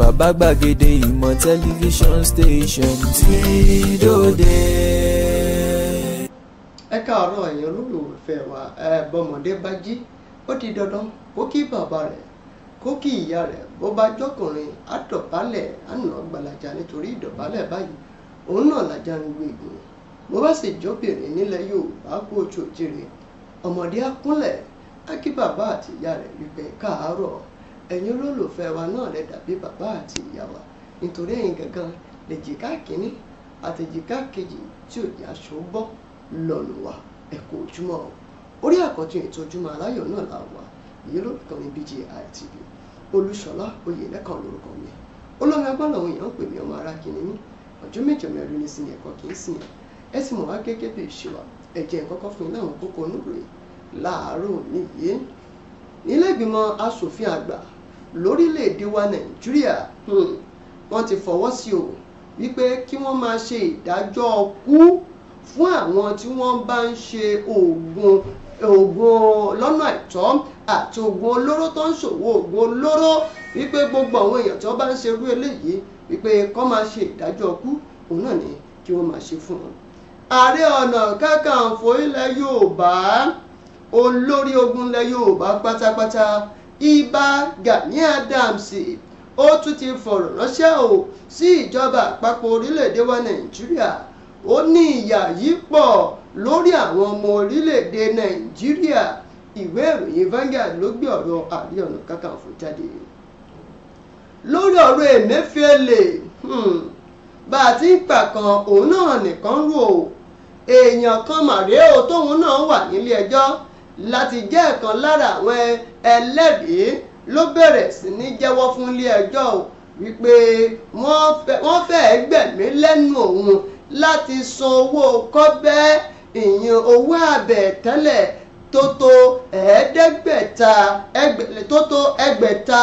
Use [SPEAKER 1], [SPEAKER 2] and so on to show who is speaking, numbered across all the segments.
[SPEAKER 1] bàbá gbàgede ìmọ̀
[SPEAKER 2] tẹlifíṣọ̀n station tí dòde. ẹ káàárọ̀ ẹ̀yin olólùfẹ́ wa ẹ bọ́mọdé bá jí ó di dandan kó kí bàbá rẹ̀ kó kí ìyá rẹ̀ bó bá jọkùnrin á dọ̀bálẹ̀ á nà nítorí ìdọ̀bálẹ̀ báyìí òun náà làjà ń gbé ìgbìmọ̀ bó bá sì jọ́bìnrin nílẹ̀ Yorùbá kú ojú òjì rẹ̀ ọmọdé á kúnlẹ̀ á kí bàbá àti ìyá rẹ̀ wípé káàárọ̀ ẹ̀yin olólùfẹ́ wa náà lẹ dàbí bàbá àti ìyá wa nítorí ẹ̀yin gangan lè jìká kínní àtẹ̀jìká kejì tí òjì aṣọ bọ́ lọ́nù wa ẹ̀kọ́ ojúmọ́ orí àkọ́tún ètò ojúmọ́ aláyọ̀ náà là wà èyí ló kàn ní BGI TV olúṣọlá oyèlẹ́kàn lórúkọ mi olómi agbọ́n làwọn èèyàn ń pè mí ọmọ ara kìíní mi ọjọ́ méjọ mẹ́rin ní sinmi ẹ̀kọ́ kìí sìn ẹ sì mọ̀ wá gẹ́gẹ́ bí ìṣèwà ẹ̀jẹ̀ kọ́kọ́ fún ilé àwọn kókó onúròyìn láàárọ̀ nìyí nílẹ̀ ìgbìmọ̀ asòfin àgbà lórílẹ̀‐èdè wa nàìjíríà hmm, wọ́n ti fọwọ́ sí o wípé kí wọ́n máa ṣe ìdájọ́ kú fún àwọn tí wọ́n bá ń ṣe oògùn oògùn lọ́nà àìtọ́ àti oògùn olóró tó ń ṣòwò oògùn olóró wípé gbogbo àwọn èèyàn tó bá ń ṣe irú eléyìí wípé kó máa ṣe ìdájọ́ kú òun náà ni kí wọ́n máa ṣe fún wọn. ààrẹ ọ̀nà kakanfò ilẹ̀ yorùbá olórí ogun ilẹ̀ yorùbá pátápátá Ìbà Gani Adams ó tún ti fọ̀rọ̀ ránṣẹ́ o sí ìjọba àpapọ̀ orílẹ̀-èdè wa Nàìjíríà ó ní ìyà yìí pọ̀ lórí àwọn ọmọ orílẹ̀-èdè Nàìjíríà ìwé ìròyìn Vanguard ló gbé ọ̀rọ̀ Ààrẹ Ọ̀nà Kakanfò jáde lórí ọ̀rọ̀ Emefiele hmm, bá a ti ń pàkan òun náà nìkan rò ó èèyàn kan màrè o tóun náà wà nílé ẹjọ́ láti jẹ́ ẹ̀kan lára àwọn ẹlẹ́rìí ló bẹ̀rẹ̀ sí ní jẹ́wọ́ fún ilé-ẹjọ́ o wípé wọ́n fẹ́ẹ́ gbẹ̀mí lẹ́nu òun láti san owó kọ́bẹ́ ìyẹn owó àbẹ̀tẹ́lẹ̀ tótó ẹ̀ẹ́dẹ́gbẹ̀ta tótó ẹgbẹ̀ta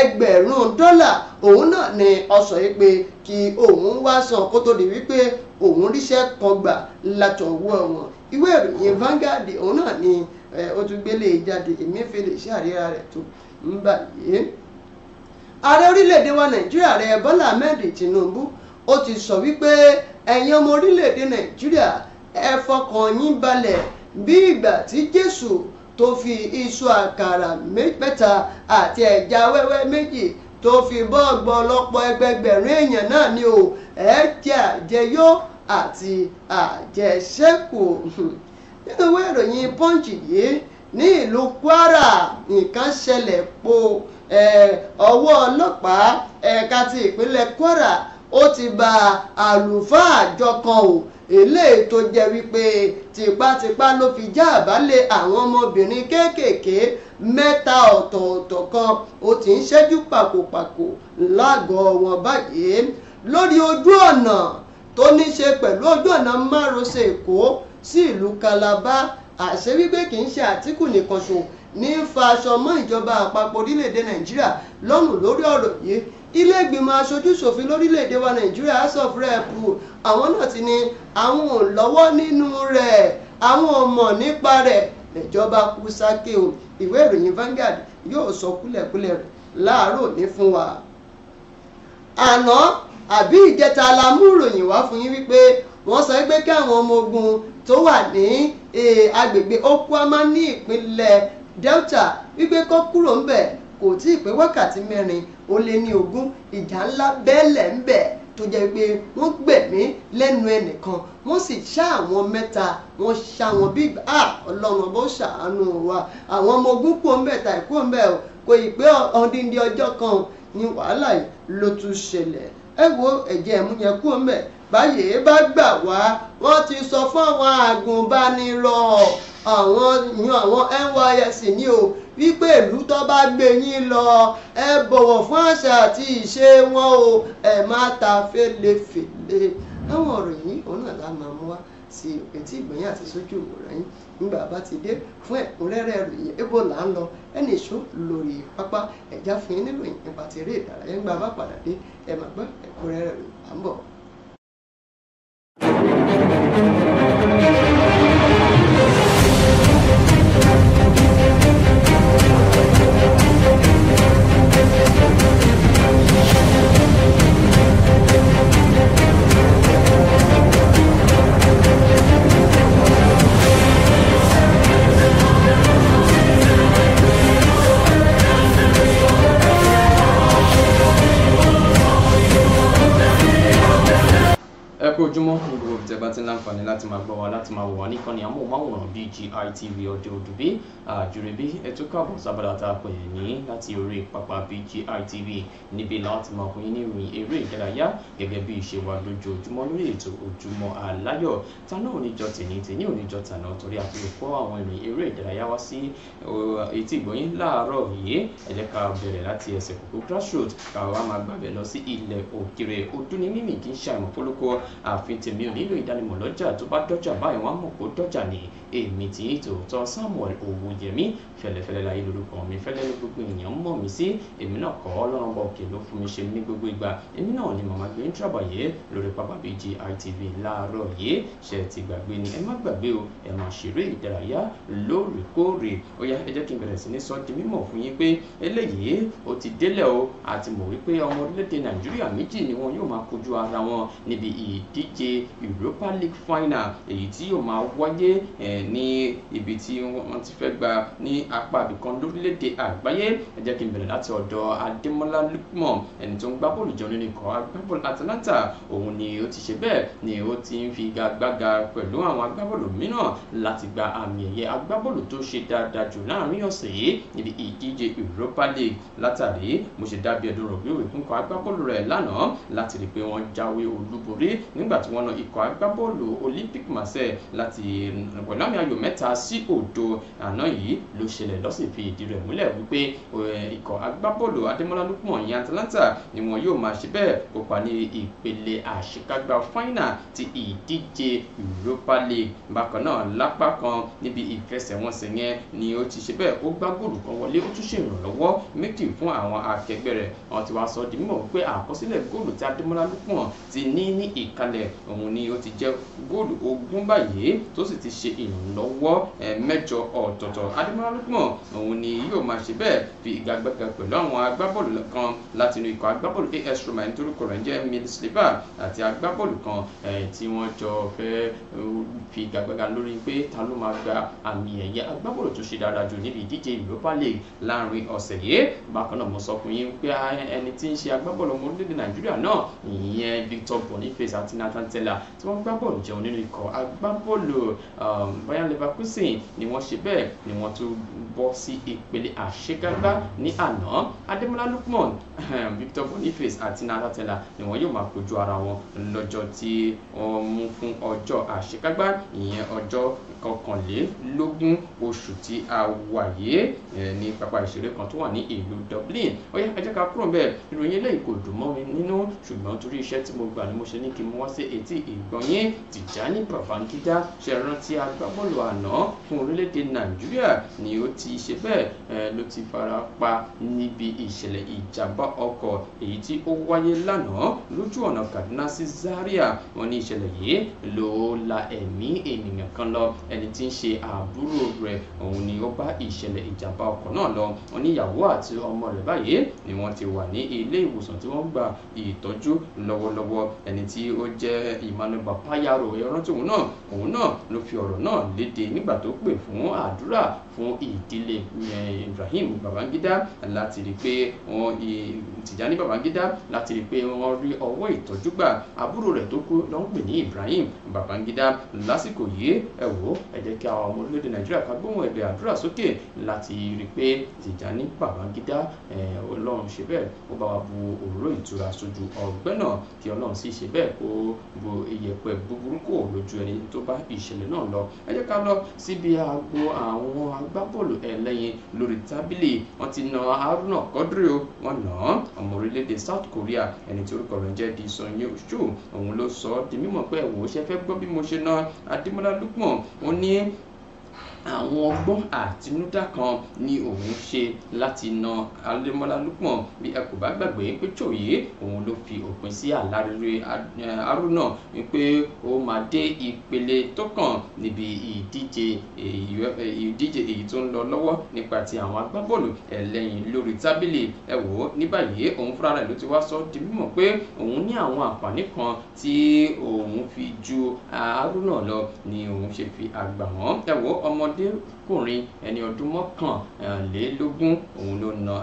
[SPEAKER 2] ẹgbẹ̀rún dọ́là òun náà ni ọ̀sọ̀ yìí pé kí òun wá san kó tó di wípé òun ríṣẹ́ kan gbà látọwọ́ wọn ìwé ìròyìn Vanguard òun náà ni ó tún gbélé e jáde Emefiele ṣe àríra rẹ̀ tó ń bà yé. ààrẹ orílẹ̀-èdè wa nàìjíríà rẹ̀ Bọ́lá Ahmed Tinubu ó ti sọ wípé ẹ̀yin ọmọ orílẹ̀-èdè nàìjíríà ẹ fọkàn yín balẹ̀ bí ìgbà tí Jésù tó fi iṣu àkàrà mẹ́ta àti ẹja wẹ́wẹ́ méjì tó fi bọ́ọ̀gbọ́ ọlọ́pọ̀ ẹgbẹgbẹ̀rún èèyàn náà ni o ẹ jẹ àjẹyó àti àjẹṣẹ́kù nítòwé ìròyìn punch yìí ní ìlú Kwara nǹkan ṣẹlẹ̀ po ọwọ́ ọlọ́pàá ẹ̀ka ti ìpínlẹ̀ Kwara ó ti ba àlùfáà àjọ kan o eléyìí tó jẹ́ wípé tipátipá ló fi já àbálẹ̀ àwọn ọmọbìnrin kéékèèké mẹ́ta ọ̀tọ̀ọ̀tọ̀ kan ó ti ń ṣẹ́jú pàkópàkó lágọ̀ọ́ wọn báyìí lórí ojú ọ̀nà tó ní ṣe pẹ̀lú ojú ọ̀nà márosẹ̀ Èkó sí ìlú Calabar àṣẹ wípé kì í ṣe Àtíkù nìkan ṣo ní fa aṣọ mọ́ ìjọba àpapọ̀ orílẹ̀-èdè Nàìjíríà lọ́rùn lórí ọ̀rọ̀ yìí ilé ìgbìmọ̀ aṣojúṣòfin lórílẹ̀‐èdè wa nàìjíríà house of rep àwọn náà ti ní àwọn ò lọ́wọ́ nínú rẹ̀ àwọn ò mọ̀ nípa rẹ̀ ìjọba kú sákè o ìwé ìròyìn Vanguard yóò sọ kúlẹ̀kúlẹ̀ rẹ̀ láàárọ̀ ní fún wa. àná àbí ìjẹta la mú ìròyìn wá fún yín wípé wọ́n sọ pé kí àwọn ọmọ ogun tó wà ní e, agbègbè okuama ní ìpínlẹ̀ Delta wípé kó kúrò ńbẹ̀ kò tí ì pé wákàtí mẹ́rin ó lé ní ogún ìjà ńlá bẹ́ẹ̀lẹ̀ ńbẹ̀ tó jẹ́ pé wọ́n gbẹ̀mí lẹ́nu ẹnìkan wọ́n sì ṣá àwọn mẹ́ta wọ́n ṣá wọn bí ọlọ́run ọbọ̀ ṣàánú wa àwọn ọmọ ogun kò ń bẹ̀ tà ìkó o kò ì pé ọdíndín ọjọ́ kan ní wàhálà yìí ló tún ṣẹlẹ̀ ẹ wo ẹ̀jẹ̀ ẹ̀mú yẹn kó ń báyìí bá gbà wá wọ́n ti sọ fún àwọn àgùnbánirọ̀ àwọn yan àwọn NYSC ni o wípé ìlú tó bá gbé yín lọ ẹ bọ̀wọ̀ fún àṣà àti ìṣe wọn o ẹ má ta fèlèfèlè àwọn ọ̀rọ̀ yìí òun máa mú wá sí etí àti sójú yín dé fún ẹ̀kúnrẹ́rẹ́ ìròyìn ebo là ń lọ ẹnì ìṣó lórí fún yín Thank you.
[SPEAKER 3] ẹ kú ojúmọ́ gbogbo ìtẹ́ bá ti ń láǹfààní láti máa gbọ́ wa láti máa wò wá nìkan ní amóhùnmáwòrán BGI TV ọdẹ òdùbí àjùrẹ́bí ẹ̀tún káàbọ̀ sábàdà tá a pè é ní láti orí pápá BGI TV níbi láti máa pín ní ìròyìn eré ìdárayá gẹ́gẹ́ bí ìṣe wa lójoojúmọ́ lórí ètò ojúmọ́ aláyọ̀ ta náà oníjọ tèní tèní oníjọ tàná torí a fi kó àwọn ìròyìn eré ìdárayá wá sí etí ìgbọ̀yìn láàárọ̀ yìí ẹ jẹ́ àfi tèmi ò nílò ìdánimọ̀ lọ́jà tó bá dọ́jà báyìí wọ́n á mọ̀ kó dọ́jà ni èmi tí tòótọ́ Samuel Owóyẹmí fẹ̀lẹ́fẹ̀lẹ́ láyé lórúkọ mi fẹ́lẹ́ ní gbogbo èèyàn mọ̀ mí sí èmi náà kọ́ ọlọ́run bọ̀ òkè ló fún mi ṣe ní gbogbo ìgbà èmi náà ni màmá gbé ń tàbàyé lórí pápá BGI TV láàárọ̀ yìí ṣe ti gbàgbé ni ẹ má gbàgbé o ẹ máa ṣeré ìdárayá lóòrèkóòrè ó yá ẹ jẹ́ kí n bẹ̀rẹ̀ sí ní sọ di mímọ̀ fún yín pé eléyìí ó ti délẹ̀ o àti mọ̀ wípé ọmọ orílẹ̀-èdè Nàìjíríà méjì ni wọn yóò máa kojú ara wọn níbi ì ìdíje Europa League final èyí tí yóò máa wáyé ní ibi tí wọ́n ti fẹ́ gba ní apá ibìkan lórílẹ̀‐èdè àgbáyé ẹ jẹ́ kí n bẹ̀rẹ̀ láti ọ̀dọ̀ Adémọ́lá Lookman ẹni tó ń gbá bọ́ọ̀lù jọ nínú ikọ̀ agbábọ́ọ̀lù Atalanta òun ni ó ti ṣe bẹ́ẹ̀ ni ó ti ń fi gagbága pẹ̀lú àwọn agbábọ́ọ̀lù mìíràn láti gba àmì ẹ̀yẹ agbábọ́ọ̀lù tó ṣe dáadáa jù láàrin ọ̀sẹ̀ yìí níbi ìdíje Europa League látàrí mo ṣe dábìí ẹ̀dùn rògbòwò ìkúnkọ̀ agbábọ́ọ̀lù rẹ̀ lánàá láti rí i pé wọ́n jáwé olúborí nígbà tí wọ́n na ikọ̀ agbábọ́ọ̀lù Olympic Marseille láti pẹ̀lú àmì ayò mẹ́ta sí òdo àná yìí ló ṣẹlẹ̀ lọ́sìn fi ìdí rẹ̀ múlẹ̀ wípé ikọ̀ agbábọ́ọ̀lù Adémọ́lá Lukman ìyẹn Atalanta ni wọn yóò máa ṣe bẹ́ẹ̀ kópa ní ìpele àṣekágbá fáínà ti ìdíje Europa League bákan náà lápá kan níbi ìfẹsẹ̀wọnsẹ̀ yẹn ni ó ti ṣe bẹ́ẹ̀ ó gbá góòlù kan wọlé ó tún ṣe ìrànlọ́wọ́ méjì fún àwọn akẹgbẹ́ rẹ̀ wọn ti wá sọ di mímọ̀ pé àkọsílẹ̀ góòlù tí Adémọ́lá Lukman ti ní ní ìk kalẹ̀ òun ni ó ti jẹ́ góòlù ogún báyìí tó sì ti ṣe ìrànlọ́wọ́ mẹ́jọ ọ̀tọ̀ọ̀tọ̀ Ademola Lookman òun ni yóò máa ṣe bẹ́ẹ̀ fi ìgagbága pẹ̀lú àwọn agbábọ́ọ̀lù kan láti inú ikọ̀ agbábọ́ọ̀lù AS Roma nítorí orúkọ rẹ̀ ń jẹ́ Emil Sliva àti agbábọ́ọ̀lù kan tí wọ́n jọ fẹ́ fi ìgagbága lórí pé ta ló máa gba àmì ẹ̀yẹ agbábọ́ọ̀lù tó ṣe dáadáa jù níbi ìdíje Europa League láàrin ọ̀sẹ̀ yìí bákan náà mo sọ fún yín pé ẹni tí ń ṣe agbábọ́ọ̀lù ọmọ orílẹ̀-èdè Nàìjíríà náà ìyẹn Victor Boniface àti Nathan Tella tí wọ́n gbá bọ́ọ̀lù jẹun nínú ikọ̀ agbábọ́ọ̀lù um, Bayer Leverkusen ni wọ́n ṣe bẹ́ẹ̀ ni wọ́n tún bọ́ sí ìpele àṣekágbá ní àná Adémọ́lá Lukman um, Victor Boniface àti Nathan Tella ni wọ́n yóò máa kojú ara wọn lọ́jọ́ tí wọ́n mú fún ọjọ́ àṣekágbá ìyẹn ọjọ́ kọkànlélógún oṣù tí a wà yìí eh, ní pápá ìṣeré kan tó wà ní ìlú Dublin ó yá ẹ jẹ́ ká kúrò bẹ́ẹ̀ ìròyìn eléyìí kò dùn mọ́ mi nínú ṣùgbọ́n torí iṣẹ́ tí mo gbà ni mo ṣe ní kí n wọ́n sí etí ìgbọ̀nyín Tìjání Bàbáńgídá ṣe rántí agbábọ́ọ̀lù àná fún orílẹ̀-èdè Nàìjíríà ni ó ti ṣe bẹ́ẹ̀ ló ti fara pa níbi ìṣẹ̀lẹ̀ ìjàmbá ọkọ̀ èyí tí ó wáyé lánàá lójú ọ̀nà Kaduna sí Zaria wọ́n ní ìṣẹ̀lẹ̀ yìí ló la ẹ̀mí ènìyàn kan lọ ẹni tí ń ṣe àbúrò rẹ̀ òun ni ó bá ìṣẹ̀lẹ̀ ìjàmbá ọkọ̀ náà lọ wọ́n ní ìyàwó àti ọmọ rẹ̀ báyìí ni wọ́n ti wà ní ilé ìwòsàn tí wọ́n gba ìtọ́jú lọ́wọ́lọ́wọ́ ẹni tí ó jẹ́ Emmanuel Bapayaro ẹran tóun náà òun náà ló fi ọ̀rọ̀ náà léde nígbà tó pè fún àdúrà fún ìdílé eh, Ibrahim Babangida láti rí pé wọn Tìjání Babangida láti rí pé wọn rí ọwọ́ ìtọ́jú gbà àbúrò rẹ̀ tó kú ló ń pè ní Ibrahim Babangida lásìkò yìí ẹ wò ẹ jẹ́ kí àwọn ọmọ orílẹ̀-èdè Nàìjíríà ká gbóhùn ẹ̀bẹ̀ àdúrà sókè láti rí pé Tìjání Babangida eh, Ọlọ́run ṣe bẹ́ẹ̀ ó bá wa bu òróró ìtura sójú ọgbẹ́ náà kí Ọlọ́run sì ṣe bẹ́ẹ̀ kó gbogbo iyẹ̀pẹ̀ búburú kò lójú ẹni tó bá ìṣẹ̀lẹ̀ náà lọ ẹ jẹ́ ká lọ síbi àgbo àwọn agbábọ́ọ̀lù ẹlẹ́yin lórí tábìlì wọ́n ti na Haruna Quadri o wọ́n nà án ọmọ orílẹ̀-èdè South Korea ẹni tí orúkọ rẹ̀ jẹ́ di Son Shu òun ló sọ ọ́ di mímọ̀ pé ẹ̀wò ṣe fẹ́ gbọ́ bí mo ṣe na Adémọ́lá Lukman ó ní àwọn ọgbọ́n àtinúdá kan ni òun ṣe láti na Adémọ́lá Lukman bí ẹ kò bá gbàgbé pé Choyé òun ló fi òpin sí àlárere Haruna wípé ó máa dé ìpele tó kàn níbi ìdíje ìdíje èyí tó ń lọ lọ́wọ́ nípa ti àwọn agbábọ́ọ̀lù ẹlẹ́yin lórí tábìlì ẹ wò ó ní báyìí òun fúnra rẹ̀ ló ti wá sọ di mímọ̀ pé òun ní àwọn àǹfààní kan tí òun fi ju Haruna lọ ni òun ṣe fi àgbà wọ́n ẹ wò ó ọmọ ọmọdékùnrin ẹni ọdún mọ́kànlélógún òun ló na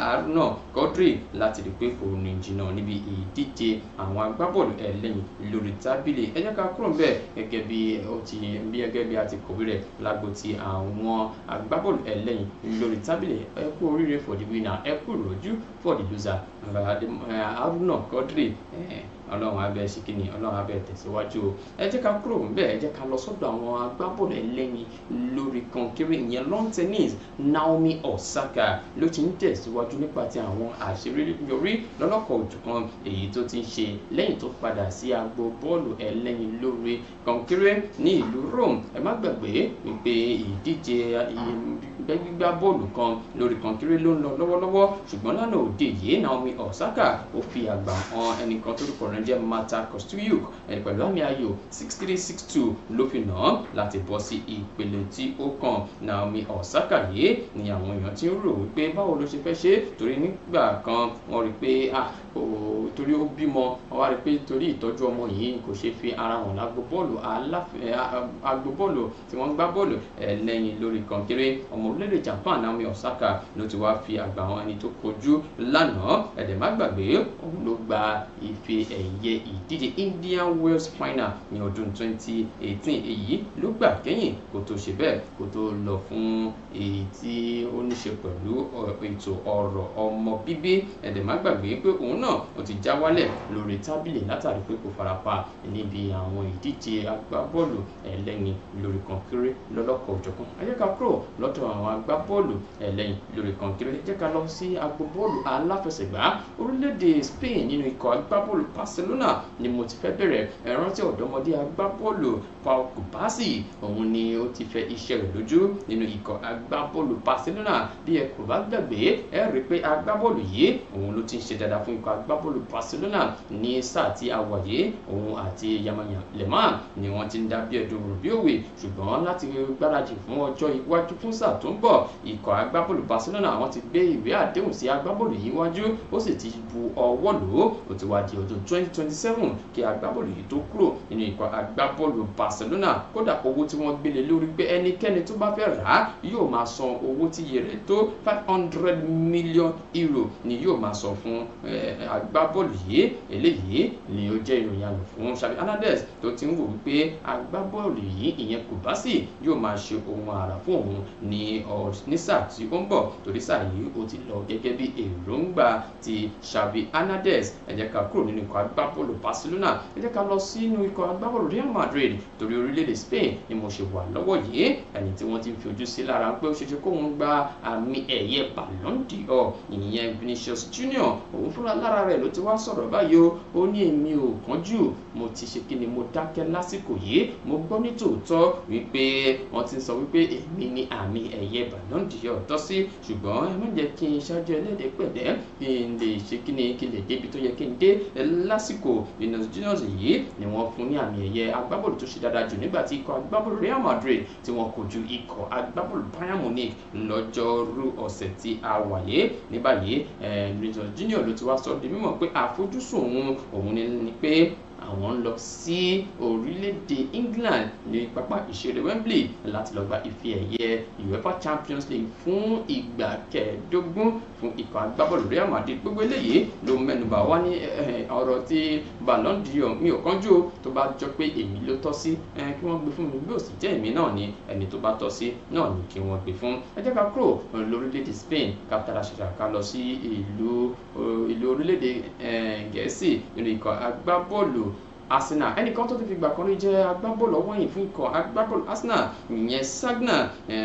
[SPEAKER 3] Haruna Godre láti rí pé kò rìn jìnnà níbi ìdíje àwọn agbábọ́ọ̀lù ẹlẹ́yin lórí tábìlì ẹ jẹ́ ká kúrò ń bẹ̀ gẹ́gẹ́ bí ó ti bí gẹ́gẹ́ bí a ti kọ̀wé rẹ̀ lágbo ti àwọn agbábọ́ọ̀lù ẹlẹ́yin lórí tábìlì ẹ kú oríire for the winner ẹ kú ìrọ̀jú for the loser Haruna Godre ọlọ́run abẹ́ ṣìkìní ọlọ́run abẹ́ tẹ̀síwájú o ẹ jẹ́ ká kúrò níbẹ̀ ẹ jẹ́ ká lọ sọ́dọ̀ àwọn agbábọ̀lù ẹlẹ́yin lórí kọ̀ǹkiri ìyẹn long tennis Naomi Osaka ló ti ń tẹ̀síwájú nípa ti àwọn àṣírí yorí lọ́lọ́kọ̀ òjọ̀kan èyí tó ti ń ṣe lẹ́yìn tó padà sí agbo bọ́ọ̀lù ẹlẹ́yin lórí kọ̀ǹkiri ní ìlú Rome ẹ má gbàgbé wípé ìdíje gbígbá bọ́ọ̀lù kan lórí kọ̀ǹkiri ló ń lọ lọ́wọ́lọ́wọ́ ṣùgbọ́n lánàá òde yìí Naomi Osaka ó fi àgbà hàn ẹnìkan tó rúkọ Niger Martha Kostyuk ẹni pẹ̀lú àmì ayò six three six two ló fi nà án láti bọ́ sí ìpele tí ó kàn Naomi Osaka yìí ni àwọn èèyàn ti ń rò wípé báwo ló ṣe fẹ́ ṣe torí nígbà kan wọ́n rí pé torí ó bímọ wọ́n wá rí pé torí ìtọ́jú ọmọ yìí kò ṣe fi ara hàn lágbo agbóbọ́ọ̀lù tí wọ́n ń gbá bọ́ọ̀lù lẹ́yìn lórí kankéré ọmọ orílẹ̀-èdè Japan Naomi Osaka ló ti wá fi àgbà àwọn ẹni tó kojú lánàá ẹ̀dẹ̀ má gbàgbé òun ló gba ife ẹ̀yẹ ẹ̀yẹ ìdíje Indian Wells final ní ọdún 2018 èyí ló gbà kẹ́yìn kó tó ṣe bẹ́ẹ̀ kó tó lọ fún èyí tí ó ní ṣe pẹ̀lú ètò ọ̀rọ̀ ọmọ bíbí ẹ̀dẹ̀ má gbàgbé pé òun náà ó ti já wálẹ̀ lórí tábìlì látàrí pé kò farapa níbi àwọn ìdíje agbábọ́ọ̀lù ẹlẹ́yin lórí kọ̀ǹkéré lọ́lọ́kọ̀ òjọ̀kan ẹ kúrò lọ́dọ̀ àwọn agbábọ́ọ̀lù ẹlẹ́yin lórí kọ̀ǹkéré ẹ jẹ́ lọ sí agbábọ́ọ̀lù aláfẹsẹ̀gbá orílẹ̀-èdè Spain nínú ikọ̀ agbábọ́ọ̀lù pas Barcelona ni mo ti fẹ́ bẹ̀rẹ̀ ẹ̀rántí ọ̀dọ́mọdé agbábọ́ọ̀lù Paul Kubasi òun ni ó ti fẹ́ iṣẹ́ rẹ̀ lójú nínú ikọ̀ agbábọ́ọ̀lù Barcelona bí ẹ kò bá gbàgbé ẹ rí i pé agbábọ́ọ̀lù yìí òun ló ti ń ṣe dáadáa fún ikọ̀ agbábọ́ọ̀lù Barcelona ní sáà tí a wà yìí òun àti Yamaya Lemar ni wọ́n ti ń dá bí ẹdun rò bí òwe ṣùgbọ́n láti gbáradì fún ọjọ́ iwájú fún sáà tó ń bọ̀ ikọ̀ agbábọ́ọ̀lù Barcelona àwọn ti gbé ìwé àdéhùn sí agbábọ́ọ̀lù yìí wájú ó sì ti bu ọwọ́ lò ó ti wá di ọdún 20 2027 kí agbábọ́ọ̀lù yìí tó kúrò nínú ikọ̀ agbábọ́ọ̀lù Barcelona kódà owó tí wọ́n gbélé lórí pé ẹnikẹ́ni tó bá fẹ́ rà á yóò máa san owó tí iye rẹ̀ tó 500 million euro ni yóò máa san fún agbábọ́ọ̀lù yìí eléyìí ni ó jẹ́ ìròyìn àlò fún Xavi Hernandez tó ti ń wò wípé agbábọ́ọ̀lù yìí ìyẹn Kubasi yóò máa ṣe ohun àrà fún òun ní nísà tí ó ń bọ̀ torí sáà yìí ó ti lọ gẹ́gẹ́ bí èròǹgbà ti Xavi Hernandez ẹ ká kúrò nínú ikọ̀ agbábọ́ọ̀lù agbábọ́ọ̀lù Barcelona ẹ jẹ́ ká lọ sínú ikọ̀ agbábọ́ọ̀lù Real Madrid torí orílẹ̀-èdè Spain ni mo ṣe wà lọ́wọ́ yìí ẹni tí wọ́n ti fi ojú sí lára pé ó ṣeéṣe kóun gba àmì ẹ̀yẹ Ballon d'Or ìyẹn Vinicius Junior òun fúnra lára rẹ̀ ló ti wá sọ̀rọ̀ báyìí ó ní èmi ò kánjú mo ti ṣe kí ni mo dákẹ́ lásìkò yìí mo gbọ́ ní tòótọ́ wípé wọ́n ti sọ wípé èmi ni àmì ẹ̀yẹ Ballon d'Or tọ́ sí ṣùgbọ́n ẹ má jẹ́ kí n ṣáájú ẹlẹ́dẹ̀ẹ́pẹ̀lẹ́ kí n lè ṣe kí ni kí n lè débi tó yẹ kí n dé lásìkò lásìkò Ineos yìí ni wọ́n fún ní àmì ẹ̀yẹ agbábọ́ọ̀lù tó ṣe dáadáa jù nígbà tí ikọ̀ agbábọ́ọ̀lù Real Madrid tí wọ́n kojú ikọ̀ agbábọ́ọ̀lù Bayern Munich lọ́jọ́rú ọ̀sẹ̀ tí a wà yé ní báyìí eh, Ineos ló ti wá sọ di mímọ̀ pé àfojúsùn òun òun ni pé àwọn ń lọ sí orílẹ̀-èdè England ní pápá ìṣeré Wembley láti lọ gba ife ẹ̀yẹ UEFA Champions League fún ìgbà kẹẹ̀ẹ́dógún fún ikọ̀ agbábọ́ọ̀lù Real Madrid gbogbo eléyìí ló mẹ́nubà wá ní eh, eh, ọ̀rọ̀ tí Ballon d'Or mi ò kánjú tó bá jọ pé èmi ló tọ́ sí eh, kí wọ́n gbé fún mi bí ó sì jẹ́ èmi náà ni ẹni tó bá tọ́ sí náà ni kí wọ́n gbé fún ẹ ká kúrò lórílẹ̀‐èdè Spain ká tara ṣẹ̀ṣà ká lọ sí ìlú orílẹ̀‐èdè Gẹ̀ẹ́sì nínú ikọ̀ agbábọ́ọ̀lù Arsenal ẹnìkan tó ti fi gbà kan rí jẹ́ agbábọ́ọ̀lù ọwọ́yìn fún ikọ̀ agbábọ́ọ̀lù Arsenal ìyẹn Sagna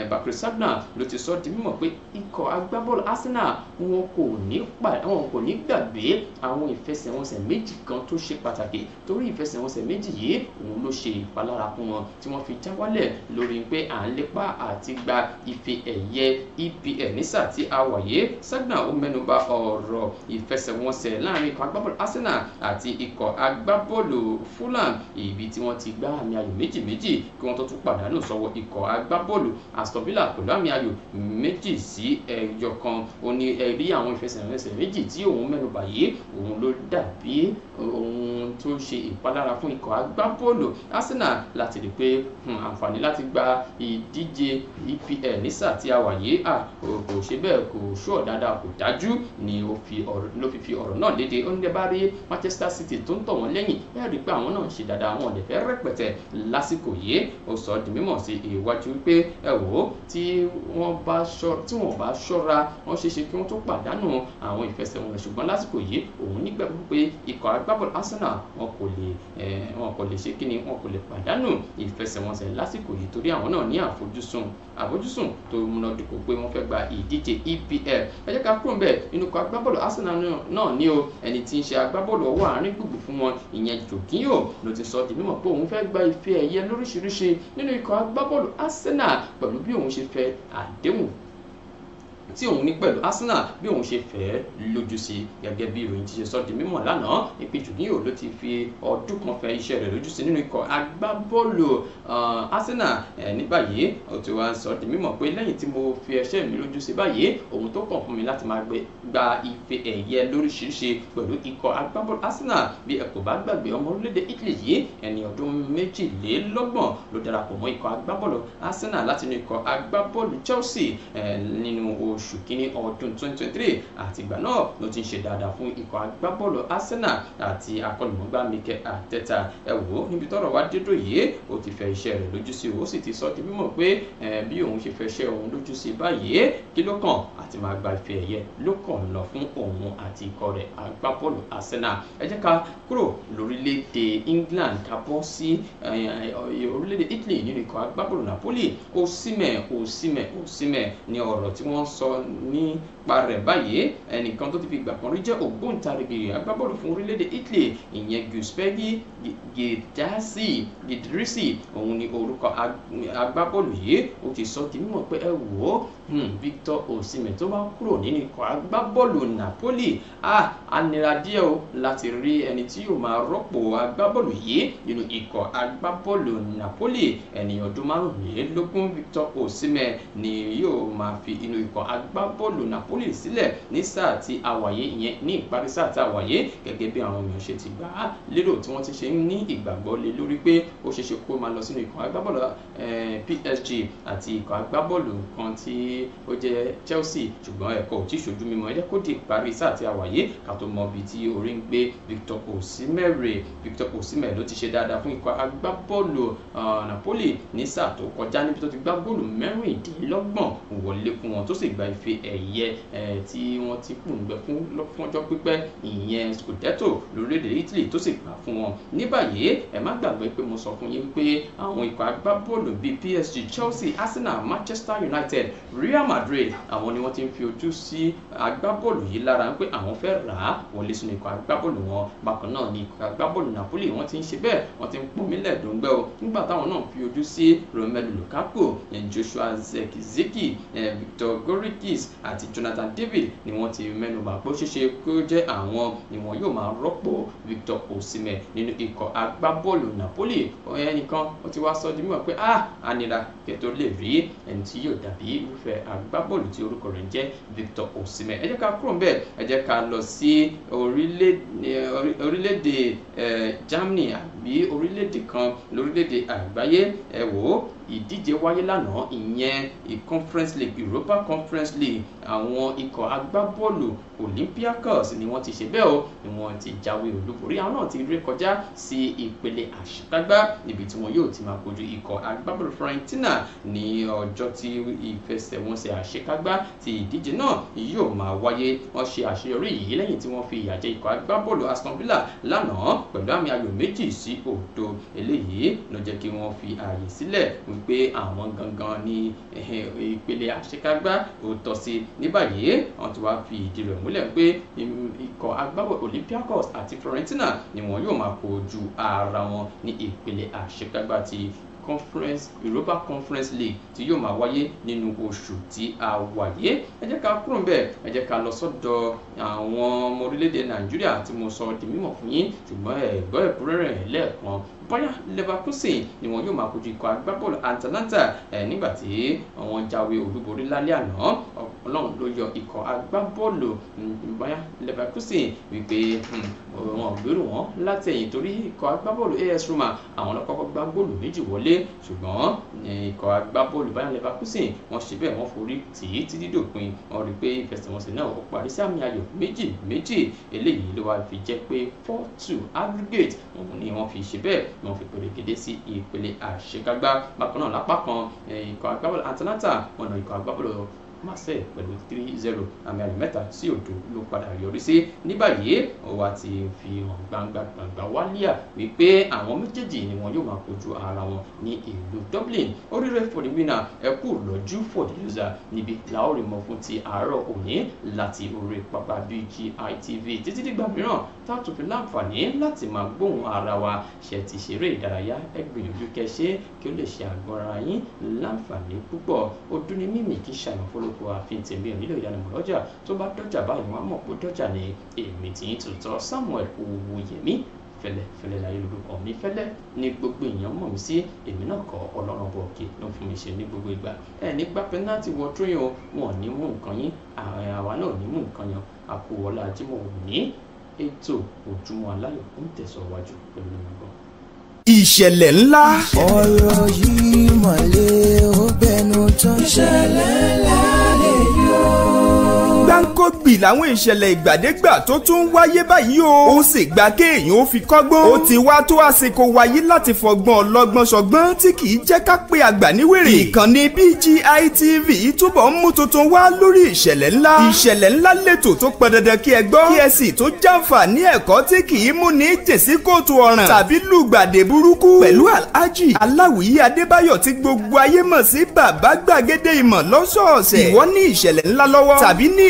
[SPEAKER 3] Bakary Sagna ló ti sọ di mímọ̀ pé ikọ̀ agbábọ́ọ̀lù Arsenal wọn kò ní pàdé wọn kò ní gbàgbé àwọn ìfẹsẹ̀wọnsẹ̀ méjì kan tó ṣe pàtàkì torí ìfẹsẹ̀wọnsẹ̀ méjì yìí òun ló ṣe ìpalára fún wọn tí wọ́n fi já wálẹ̀ lórí pé à ń lépa àti gba ife ẹ̀yẹ EPL ní sáà tí a wà yìí Sagna ó mẹ́nuba ọ̀rọ̀ ìfẹsẹ̀wọnsẹ̀ láàrin ikọ̀ agbábọ́ọ̀lù Arsenal àti ikọ̀ agbábọ́ọ̀lù Fulham ibi tí wọ́n ti gbá àmì ayò méjì méjì kí wọ́n tó tún pàdánù sọ́wọ́ ikọ̀ agbábọ́ọ̀lù Aston Villa pẹ̀lú àmì ayò méjì sí ẹyọ kan ó ní ẹ̀rí àwọn ìfẹsẹ̀rẹsẹ̀ méjì tí òun mẹ́nubà yìí òun ló dàbí òun tó ṣe ìpalára fún ikọ̀ agbábọ́ọ̀lù Arsenal láti rí pé hmm, àǹfààní láti gba ìdíje EPL ní sáà tí a wà yìí kò ṣe bẹ́ẹ̀ kò ṣúọ̀ dáadáa kò dájú ni ló fi fi ọ̀rọ̀ náà léde ó ní bá rí Manchester City tó ń tọ̀ wọ́n lẹ́yìn ẹ̀rí wípé àwọn náà ń ṣe dáadáa wọn lè fẹ́ rẹpẹtẹ lásìkò yìí ó sọ di mímọ̀ sí iwájú pé ẹ wò ó tí wọ́n bá ṣọ́ra wọ́n ṣe é ṣe kí wọ́n tó pàdánù àwọn ìfẹsẹ̀wọ̀n ṣùgbọ́n lásìkò yìí òun nígbàgbọ́ pé ikọ̀ agbábọ́ọ̀lù Arsenal wọn kò lè wọn kò lè ṣe kíni wọn kò lè pàdánù ìfẹsẹ̀wọnsẹ̀ lásìkò yìí torí àwọn náà ní àfojúsùn àfojúsùn tó múnádóko pé wọ́n fẹ́ gba ìdíje EPL ẹ jẹ́ ká kúrò ńbẹ̀ nínú ikọ̀ agbábọ́ọ̀lù Arsenal náà ní o ẹni tí ń ṣe agbábọ́ọ̀lù ọwọ́ àárín gbùgbù fún wọn ìyẹn Jorginho ló ti sọ di mímọ̀ pé òun fẹ́ gba ife ẹ̀yẹ lóríṣiríṣi nínú ikọ̀ agbábọ́ọ̀lù Arsenal pẹ̀lú bí òun ṣe fẹ́ àdéhùn tí òun ní pẹ̀lú Arsenal bí òun ṣe fẹ́ lójú sí gẹ́gẹ́ bí ìròyìn ti ṣe sọ di mímọ̀ lánàá ìpè Jorginho ló ti fi ọdún kan fẹ́ iṣẹ́ rẹ̀ lójú sí nínú ikọ̀ agbábọ́ọ̀lù Arsenal ní báyìí ó ti wá sọ di mímọ̀ pé lẹ́yìn tí mo fi ẹṣẹ́ mi lójú sí báyìí ohun tó kàn fún mi láti máa gba ife ẹ̀yẹ lóríṣiríṣi pẹ̀lú ikọ̀ agbábọ́ọ̀lù Arsenal bí ẹ kò bá gbàgbé ọmọ orílẹ̀-èdè Italy yìí ẹni ọdún méjìlélọ́gbọ̀n ló darapọ̀ mọ́ ikọ̀ agbábọ́ọ̀lù Arsenal látinú ikọ̀ agbábọ́ọ̀lù Chelsea nínú oṣù kínní ọdún 2023 àti ìgbà náà ló ti ń ṣe dáadáa fún ikọ̀ agbábọ́ọ̀lù Arsenal àti akọ́nimọ̀gbá Mikel Arteta ẹ wò ó níbi tọ́rọ̀ wá dédò yìí ó ti fẹ́ iṣẹ́ rẹ̀ lójú sí ó sì ti sọ di mímọ̀ pé bí òun ṣe fẹ́ ṣe òun lójú sí báyìí kí ló kàn àti máa gba ife ẹ̀yẹ ló kàn lọ fún òun àti ikọ̀ rẹ̀ agbábọ́ọ̀lù Arsenal ẹ jẹ́ ká kúrò lórílẹ̀‐èdè England ká bọ́ sí orílẹ̀‐èdè Italy nínú ikọ̀ agbábọ́ọ̀lù Napoli Osimhen Osimhen Osimhen ni ọ̀rọ̀ tí wọ́n sọ nípa rẹ̀ báyìí ẹnìkan tó ti fi ìgbà kan rí jẹ́ ògbóǹtarìgì agbábọ́ọ̀lù fún orílẹ̀-èdè Italy ìyẹn Giuseppe Gidasi Gidrisi òun ni orúkọ agbábọ́ọ̀lù yìí ó ti sọ di mímọ̀ pé ẹ wò ó Hmm, Victor Osimhen tó bá kúrò nínú ikọ̀ agbábọ́ọ̀lù Napoli ah anira díẹ̀ o láti rí ẹni tí yóò máa rọ́pò agbábọ́ọ̀lù yìí nínú ikọ̀ agbábọ́ọ̀lù Napoli ẹni ọdún márùnlélógún Victor Osimhen ni yóò máa fi inú ikọ̀ agbábọ́ọ̀lù Napoli sílẹ̀ ní sáà tí àwàyé ìyẹn ní ìparí sáà tí àwàyé gẹ́gẹ́ bí àwọn èèyàn ṣe ti gbà á lérò tí wọ́n ti ṣe ní ìgbàgbọ́ lé lórí pé ó ṣeéṣe kó máa lọ sínú ikọ̀ agbábọ́ọ̀lù eh, PSG àti ikọ̀ agbábọ́ọ̀lù kan tí ó jẹ́ Chelsea ṣùgbọ́n ẹ̀kọ́ ò tí ì ṣojú mímọ́ ẹ jẹ́ kó di ìparí sáà tí a wà yìí ká tó mọ ibi tí orí ń gbé Victor Osimhen rè Victor Osimhen ló ti ṣe dáadáa fún ikọ̀ agbábọ́ọ̀lù uh, Napoli ní sáà tó kọjá níbi tó ti gbá góòlù mẹ́rìndínlọ́gbọ̀n wọlé fún wọn tó sì gba ife ẹ̀yẹ tí wọ́n ti kù ń gbẹ fún lọ́fọ́jọ́ pípẹ́ ìyẹn Scudetto lórílẹ̀‐èdè Italy tó sì gbà fún wọn ní báyìí ẹ má gbàgbé pé mo sọ fún yín pé àwọn ikọ̀ agbábọ́ọ̀lù bíi PSG Chelsea Arsenal Manchester United rí Real Madrid àwọn ni wọ́n ti ń fi ojú sí agbábọ́ọ̀lù yìí lára pé àwọn fẹ́ rà á wọlé sínú ikọ̀ agbábọ́ọ̀lù wọn bákan náà ni ikọ̀ agbábọ́ọ̀lù Napoli wọ́n ti ń ṣe bẹ́ẹ̀ wọ́n ti ń pọnmílẹ̀ dòńgbẹ́ o nígbà táwọn náà fi ojú sí Romelu Lukaku Joshua Zirkzee Victor Gorikis àti Jonathan David ni wọ́n ti mẹ́nubà pé ó ṣeéṣe kó jẹ́ àwọn ni wọ́n yóò máa rọ́pò Victor Osimhen nínú ikọ̀ agbábọ́ọ̀lù Napoli ẹnìkan ó ti wá sọ di mímọ̀ pé ah, a nira kẹ́tọ́ lè rí ẹni agbábọ́ọ̀lù tí orúkọ rẹ̀ ń jẹ́ Victor Osimhen ẹ jẹ́ ká kúrò ńbẹ̀ ẹ jẹ́ ká lọ sí orílẹ̀-èdè eh, Germany àbí orílẹ̀-èdè kan lórílẹ̀-èdè àgbáyé ẹ wò ó ìdíje wáyé lánàá ìyẹn conference league europa conference league àwọn ikọ̀ agbábọ́ọ̀lù olympiacos ni wọ́n ti ṣe bẹ́ẹ̀ o ni wọ́n ti jáwé olúborí àwọn náà ti ré kọjá sí ìpele àṣekágbá níbi tí wọn yóò ti máa kojú ikọ̀ agbábọ́ọ̀lù fiorentina ní ọjọ́ tí ìfẹsẹ̀wọnsẹ̀ àṣekágbá ti ìdíje náà yóò máa wáyé wọ́n ṣe àṣeyọrí yìí lẹ́yìn tí wọ́n fi ìyà jẹ ikọ̀ agbábọ́ọ̀lù aston villa lánàá pẹ̀lú àmì ayò méjì sí òdo eléyìí wípé àwọn gangan ní ìpele àṣekágbá òótọ́ sí ní báyìí wọ́n ti wá fi ìdí rẹ̀ múlẹ̀ pé ikọ̀ agbábọ̀ Olympiacos àti Fiorentina ni wọ́n yóò máa kojú ara wọn ní ìpele àṣekágbá ti conference europa conference league tí yóò máa wáyé nínú oṣù tí a wáyé ẹ jẹ́ ká kúrò níbẹ̀ ẹ jẹ́ ká lọ sọ́dọ̀ àwọn ọmọ orílẹ̀-èdè nàìjíríà tí mo sọ di mímọ̀ fún yín ṣùgbọ́n ẹ̀gbọ́ ẹ̀kúnrẹ́rẹ́ lẹ́ẹ̀kan bóyá Leverkusen ni wọn yóò máa kojú ikọ̀ agbábọ́ọ̀lù Atalanta nígbà tí wọ́n jáwé olúborí lálẹ́ àná ọlọ́run ló yọ ikọ̀ agbábọ́ọ̀lù mm, bóyá Leverkusen wípé hmm, wọn ò gbèrò wọn látẹ̀yìn torí ikọ̀ agbábọ́ọ̀lù AS Roma àwọn lọ́kọ́kọ́ gbá góòlù méjì wọlé ṣùgbọ́n ikọ̀ agbábọ́ọ̀lù Bayer Leverkusen wọ́n ṣe bẹ́ẹ̀ wọ́n forí tì í títí dòpin wọ́n rí i pé ìfẹsẹ̀wọnsẹ̀ náà ó parí sí àmì ayò méjì méjì eléyìí ló wá fi jẹ́ pé four two aggregate òun ni wọ́n fi ṣe bẹ́ẹ̀ wọ́n fi pèrègede sí ìpele àṣekágbá bákan náà lápá kan ikọ̀ agbábọ́ọ̀lù Marseille pẹ̀lú three zero àmì ayò mẹ́ta sí òdo ló padà yọrí sí ní báyìí ọwọ́ àti fi hàn gbangba gbangba wálíà wípé àwọn méjèèjì ni wọn yóò máa kojú ara wọn ní ìlú Dublin oríire for the winner ẹkú lọ́jú for the loser níbi làórí mọ̀ fún ti àárọ̀ òní láti orí pápá BGI TV títí dìgbà mìíràn tá a tún fi láǹfààní láti máa gbóhùn ara wa ṣe ti ṣeré ìdárayá ẹ gbìyànjú kí ó lè ṣe àgọ́ yín láǹfààní púpọ̀ ọdún ni mímì kì í ṣàyàn fọlọ́kọ àfihàn tèmi ò nílò ìdánimọ̀ tó bá dọ́jà báyìí wọ́n á mọ̀ pé dọ́jà ni èmi tí ń tòótọ́ Samuel Owóyẹmí fẹlẹ fẹlẹ láyé lórúkọ mi fẹlẹ ní gbogbo èèyàn mọ̀ mí sí èmi náà kọ́ ọlọ́run bọ̀ òkè ló fi mi ṣe ní gbogbo ìgbà ẹ nígbà pẹ́ńtì wọ tó yàn wọn ò ní mú nǹkan yín àwa náà ò ní mú nǹkan yàn àpò ọ̀la àjẹmọ̀ òní ètò Ojúmọ́ Aláyọ̀ ń tẹ̀síwájú pẹ̀lú
[SPEAKER 4] ọgbọ́n. ìṣẹ̀lẹ̀ ńlá. ọ̀rọ̀ yìí mọ̀lẹ́ ó bẹnu tán. ìṣẹ̀lẹ̀
[SPEAKER 1] ńlá lè yọ
[SPEAKER 4] gbáǹkógbì làwọn ìṣẹ̀lẹ̀ ìgbàdégbà tó tún ń wáyé báyìí o ó sì gba kéèyàn ó fi kọ́gbọ́n ó ti wá tó àsìkò wáyé láti fọgbọ́n ọlọ́gbọ́n ṣọgbọ́n tí kì í jẹ́ ká pé àgbà níwèrè ìkànnì BGI TV túbọ̀ ń mú tuntun wá lórí ìṣẹ̀lẹ̀ ńlá ìṣẹ̀lẹ̀ ńlá lẹ́tò tó pọn dandan kí ẹ gbọ́ kí ẹ sì tó jàǹfààní ẹ̀kọ́ tí kì í mú ní jèsí kóòtù ọ̀ràn tàbí lùgbàdé burúkú pẹ̀lú alhaji aláwìyí adébáyọ̀ tí gbogbo ayé mọ̀ sí bàbá gbàgede ìmọ̀ lọ́sọ̀ọ̀sẹ̀ ìwọ ní ìṣẹ̀lẹ̀ ńlá lọ́wọ́ tàbí ní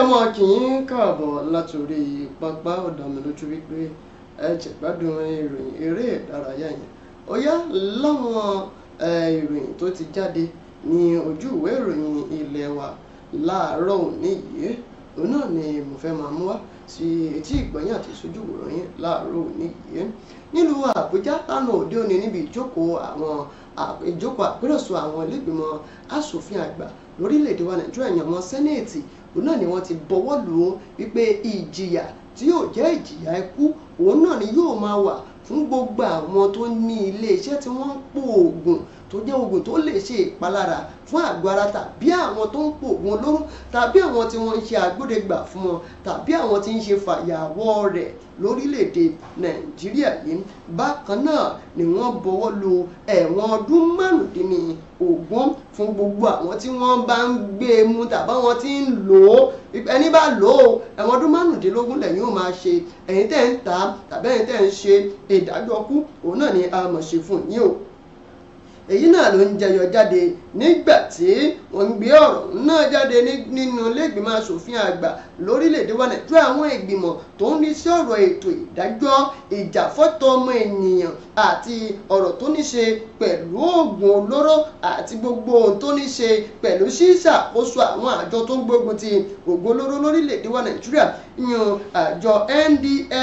[SPEAKER 2] ọmọ kì í káàbọ̀ látòrí pápá ọ̀dàmìlójú wípé ẹ jẹ́ gbádùn ìròyìn eré ìdárayá yẹn ó yá láwọn ìròyìn tó ti jáde ní ojú ìwé ìròyìn ilé wa láàárọ̀ òní yìí òun náà ni mo fẹ́ máa mú wá sí etí ìgbọ̀nyìn àti ìṣojú ìròyìn láàárọ̀ òní yìí nílùú àbújá lánàá òde òní níbi ìjókòó àwọn ìjókòó àpéròsọ àwọn ilé asòfin àgbà lórílẹ̀ òun náà ni wọ́n ti bọ́wọ́ lù ú wípé ìjìyà tí yóò jẹ́ ìjìyà ikú òun náà ni yóò máa wà fún gbogbo àwọn tó ní iléeṣẹ́ tí wọ́n ń pòògùn tó jẹ́ oògùn tó lè ṣe ìpalára fún àgọ́ ara tàbí àwọn tó ń pògùn olóró tàbí àwọn tí wọ́n ń ṣe àgbódegbà fún wọn tàbí àwọn tí ń ṣe fàyàwọ́ rẹ̀ lórílẹ̀‐èdè nàìjíríà yìí bákan náà ni wọ́n bọwọ́ lu ẹ̀wọ̀n ọdún márùndínlógún fún gbogbo àwọn tí wọ́n bá ń gbé e mu tàbí àwọn tí ń lò ó ẹni bá lò ó ẹ̀wọ̀n ọdún márùndínlógún lẹ́yìn ò máa ṣe ẹ̀yin tẹ́ ń ta tàbí ẹ̀yin tẹ́ ń ṣe ìdájọ́ kú òun náà ni a mọ̀ ṣe fún yín o èyí náà ló ń jẹyọ jáde nígbà tí wọ́n ń gbé ọ̀rọ̀ náà jáde nínú iléègbìmọ̀ asòfin àgbà lórílẹ̀‐èdè wa nàìjíríà àwọn ìgbìmọ̀ tó ń ní sí ọ̀rọ̀ ètò ìdájọ́ ìjàfọ́tọ̀ ọmọ ènìyàn àti ọ̀rọ̀ tó ní ṣe pẹ̀lú oògùn olóró àti gbogbo ohun tó ní ṣe pẹ̀lú ṣíṣàkóso àwọn àjọ tó ń gbógun ti oògùn olóró lórílẹ̀ wa nàìjíríà yan àjọ NDLEA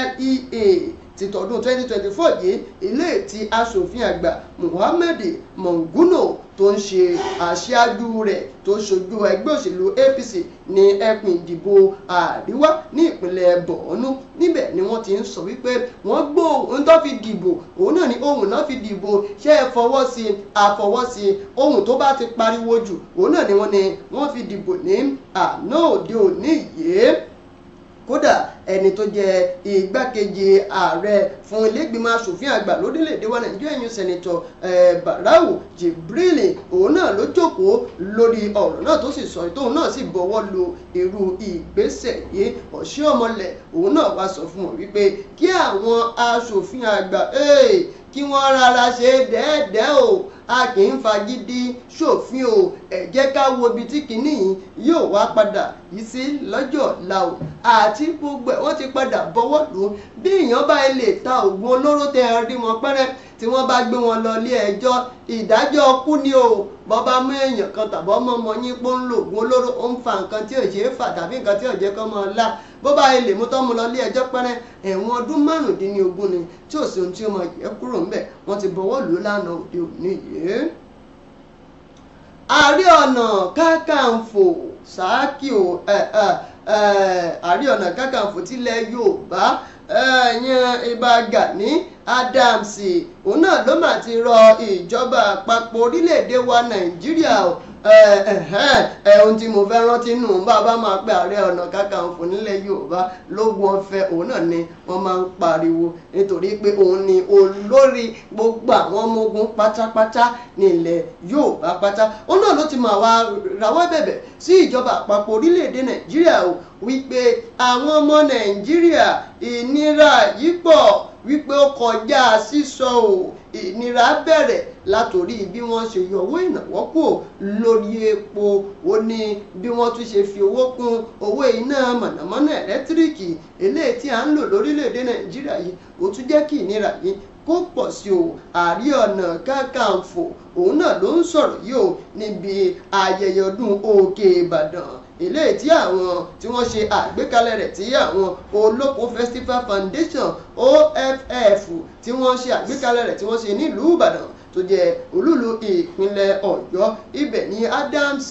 [SPEAKER 2] ti 2024 yìí ilé ti aṣòfin àgbà Muhammed Monguno tó ń ṣe aṣáájú rẹ̀ tó ṣojú ẹgbẹ́ òṣèlú APC ní ẹkùn ìdìbò àríwá ní ìpínlẹ̀ Borno níbẹ̀ ni wọ́n ti ń sọ wípé wọ́n gbó ohun tó fi dìbò òun náà ni ohun náà fi dìbò ṣé ẹ fọwọ́ sí i àfọwọ́ sí i ohun tó bá ti pariwo jù òun náà ni wọ́n ni wọ́n fi dìbò ní àná òde òní yìí kódà ẹni tó jẹ igbákejì ààrẹ fún ilégbìmọ̀ asòfin àgbà lórílẹ̀‐èdè wa nàìjíríà yìí sẹ́nitọ̀ barau jibril òun náà ló jókòó lórí ọ̀rọ̀ náà tó sì sọ tóun náà sì bọ̀wọ́ lu irú ìgbésẹ̀ yìí ọ̀ṣẹ́ ọmọlẹ̀ òun náà wá sọ fún wọn wípé kí àwọn asòfin àgbà kí wọ́n rárá ṣe dẹ́ẹ̀dẹ́ o a kì í fagídí ṣòfin o ẹ jẹ́ ká wo ibi tí kinní yìí yóò wá padà yìí sí lọ́jọ́ ọ̀la o àti gbogbo ẹ̀ wọ́n ti padà bọ́wọ́ lù ú bí èèyàn bá lè ta oògùn olóró tẹ ẹ rí wọn pẹ́rẹ́ tí wọ́n bá gbé wọn lọ ilé ẹjọ́ ìdájọ́ kú ni o bọ́ba mú èèyàn kan tàbọ́ mọ́ ọmọ yín pọ́n lògùn olóró ó ń fa nǹkan tí ò ṣeé fà tàbí nǹkan tí ò jẹ́ kọ́ mọ́ ọ lá bó bá ilé mú tọ́ mu lọ ilé ẹjọ́ pẹ́rẹ́ ẹ̀wọ̀n ọdún márùndínlógún ni tí ò sí ohun tí ó mọ ẹ kúrò ńbẹ̀ wọ́n ti bọ̀wọ́ lù ú lánàá òde òní yìí. ààrẹ ọ̀nà kákàǹfò Ṣákì ò ààrẹ ọ̀nà kákàǹfò tilẹ̀ Yorùbá yan Ìbà Gani Adams òun náà ló mà ti rọ ìjọba àpapọ̀ orílẹ̀-èdè wa Nàìjíríà o ohun tí mo fẹ́ rántí nù bàbá máa pe ààrẹ ọ̀nà kakanfò nílẹ̀ yorùbá lógun ọ̀fẹ́ òun náà ni wọ́n máa ń pariwo nítorí pé òun ni olórí gbogbo àwọn ọmọ ogun pátápátá nílẹ̀ yorùbá pátá òun náà ló ti máa wá rawọ́ bẹ̀bẹ̀ sí ìjọba àpapọ̀ orílẹ̀-èdè nàìjíríà o wípé àwọn ọmọ nàìjíríà ìnira yìí pọ̀ wípé ó kọjá sísọ o ìnira bẹ̀rẹ̀ látòrí bí wọ́n ṣe yọ owó ìrànwọ́ kúrò lórí epo ó ní bí wọ́n tún ṣe fi owó kún owó iná mọ̀nàmọ́ná ẹ̀lẹ́tíríkì eléyìí tí à ń lò lórílẹ̀‐èdè nàìjíríà yìí ó tún jẹ́ kí ìnira yìí kó pọ̀ sí o ààrẹ ọ̀nà kakanfò òun náà ló ń sọ̀rọ̀ yìí o níbi ayẹyẹ ọdún òkè ìbàdàn ilé tí àwọn tí wọ́n ṣe àgbékalẹ̀ rẹ̀ tí àwọn olóko festival foundation OFF tí wọ́n ṣe àgbékalẹ̀ rẹ̀ tí wọ́n ṣe nílùú Ìbàdàn tó jẹ́ olúlu ìpínlẹ̀ ọ̀yọ́ ibẹ̀ ní adams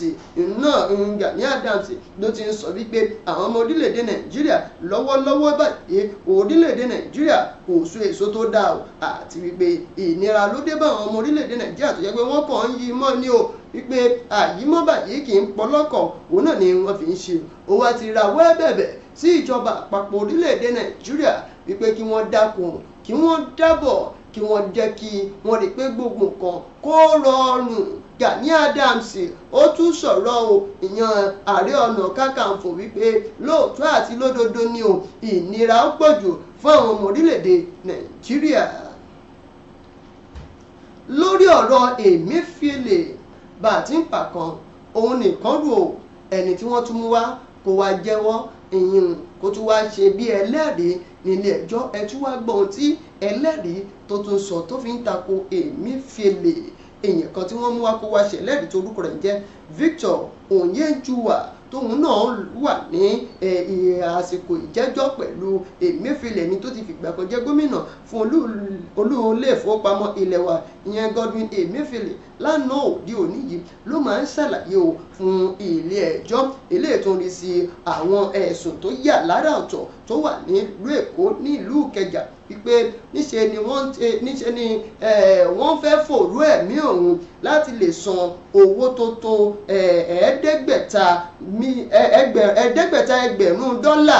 [SPEAKER 2] náà Gani adams ló ti ń sọ wípé àwọn ọmọ orílẹ̀-èdè nàìjíríà lọ́wọ́lọ́wọ́ báyìí orílẹ̀-èdè nàìjíríà kò so èso tó dáa o àti wípé ìnira ló dé bá àwọn ọmọ orílẹ̀-èdè nàìjíríà tó jẹ́ pé wọ́n kàn ń yí mọ́ ni o wípé àyímọ́bà yìí kì í pọlọ́kọ̀ òun náà ni wọ́n fi ń ṣe ó wá ti rawọ́ ẹ̀bẹ̀bẹ̀ sí ìjọba àpapọ̀ orílẹ̀-èdè nàìjíríà wípé kí wọ́n dákun kí wọ́n dábọ̀ kí wọ́n jẹ́ kí wọ́n rí pé gbogbo nǹkan kó rọrùn Gani Adams ó tún sọ̀rọ̀ o ìyan ààrẹ ọ̀nà kákàǹfò wípé lóòótọ́ àti lódodo ni o ìnira ń pọ̀jù fún àwọn ọmọ orílẹ̀-èdè Nàìjíríà lórí ọ̀rọ̀ Emefiele bàtí ń pàkan òun nìkan rò ẹni tí wọ́n tún mú wá kó wá jẹ́wọ́ ìyìn kó tún wá ṣe bí ẹlẹ́rìí nílé ẹjọ́ ẹ tún wá gbọ́n tí ẹlẹ́rìí tó tún sọ tó fi ń tako Emefiele èèyàn kan tí wọ́n mú wá kó wá ṣẹlẹ́rìí tó rẹ̀ ń jẹ́ Victor Onyejuwa tóun náà wà ní àsìkò ìjẹ́jọ́ pẹ̀lú Emefiele ni tó ti fìgbà kan jẹ́ gómìnà fún olóòlé ìfowópamọ́ ilé wa ìyẹn Godwin Emefiele lánàá òde òní yìí ló máa ń ṣàlàyé o fún ilé ẹjọ́ ilé ìtúnrí sí àwọn ẹ̀sùn tó yà lára ọ̀tọ̀ tó wà nílùú èkó ní ìlú ìkẹjà wípé níṣe ni wọ́n níṣe ni wọ́n fẹ́ fòrú ẹ̀mí òun láti lè san owó tó tó ẹ̀ẹ́dẹ́gbẹ̀ta ẹgbẹ̀rún dọ́là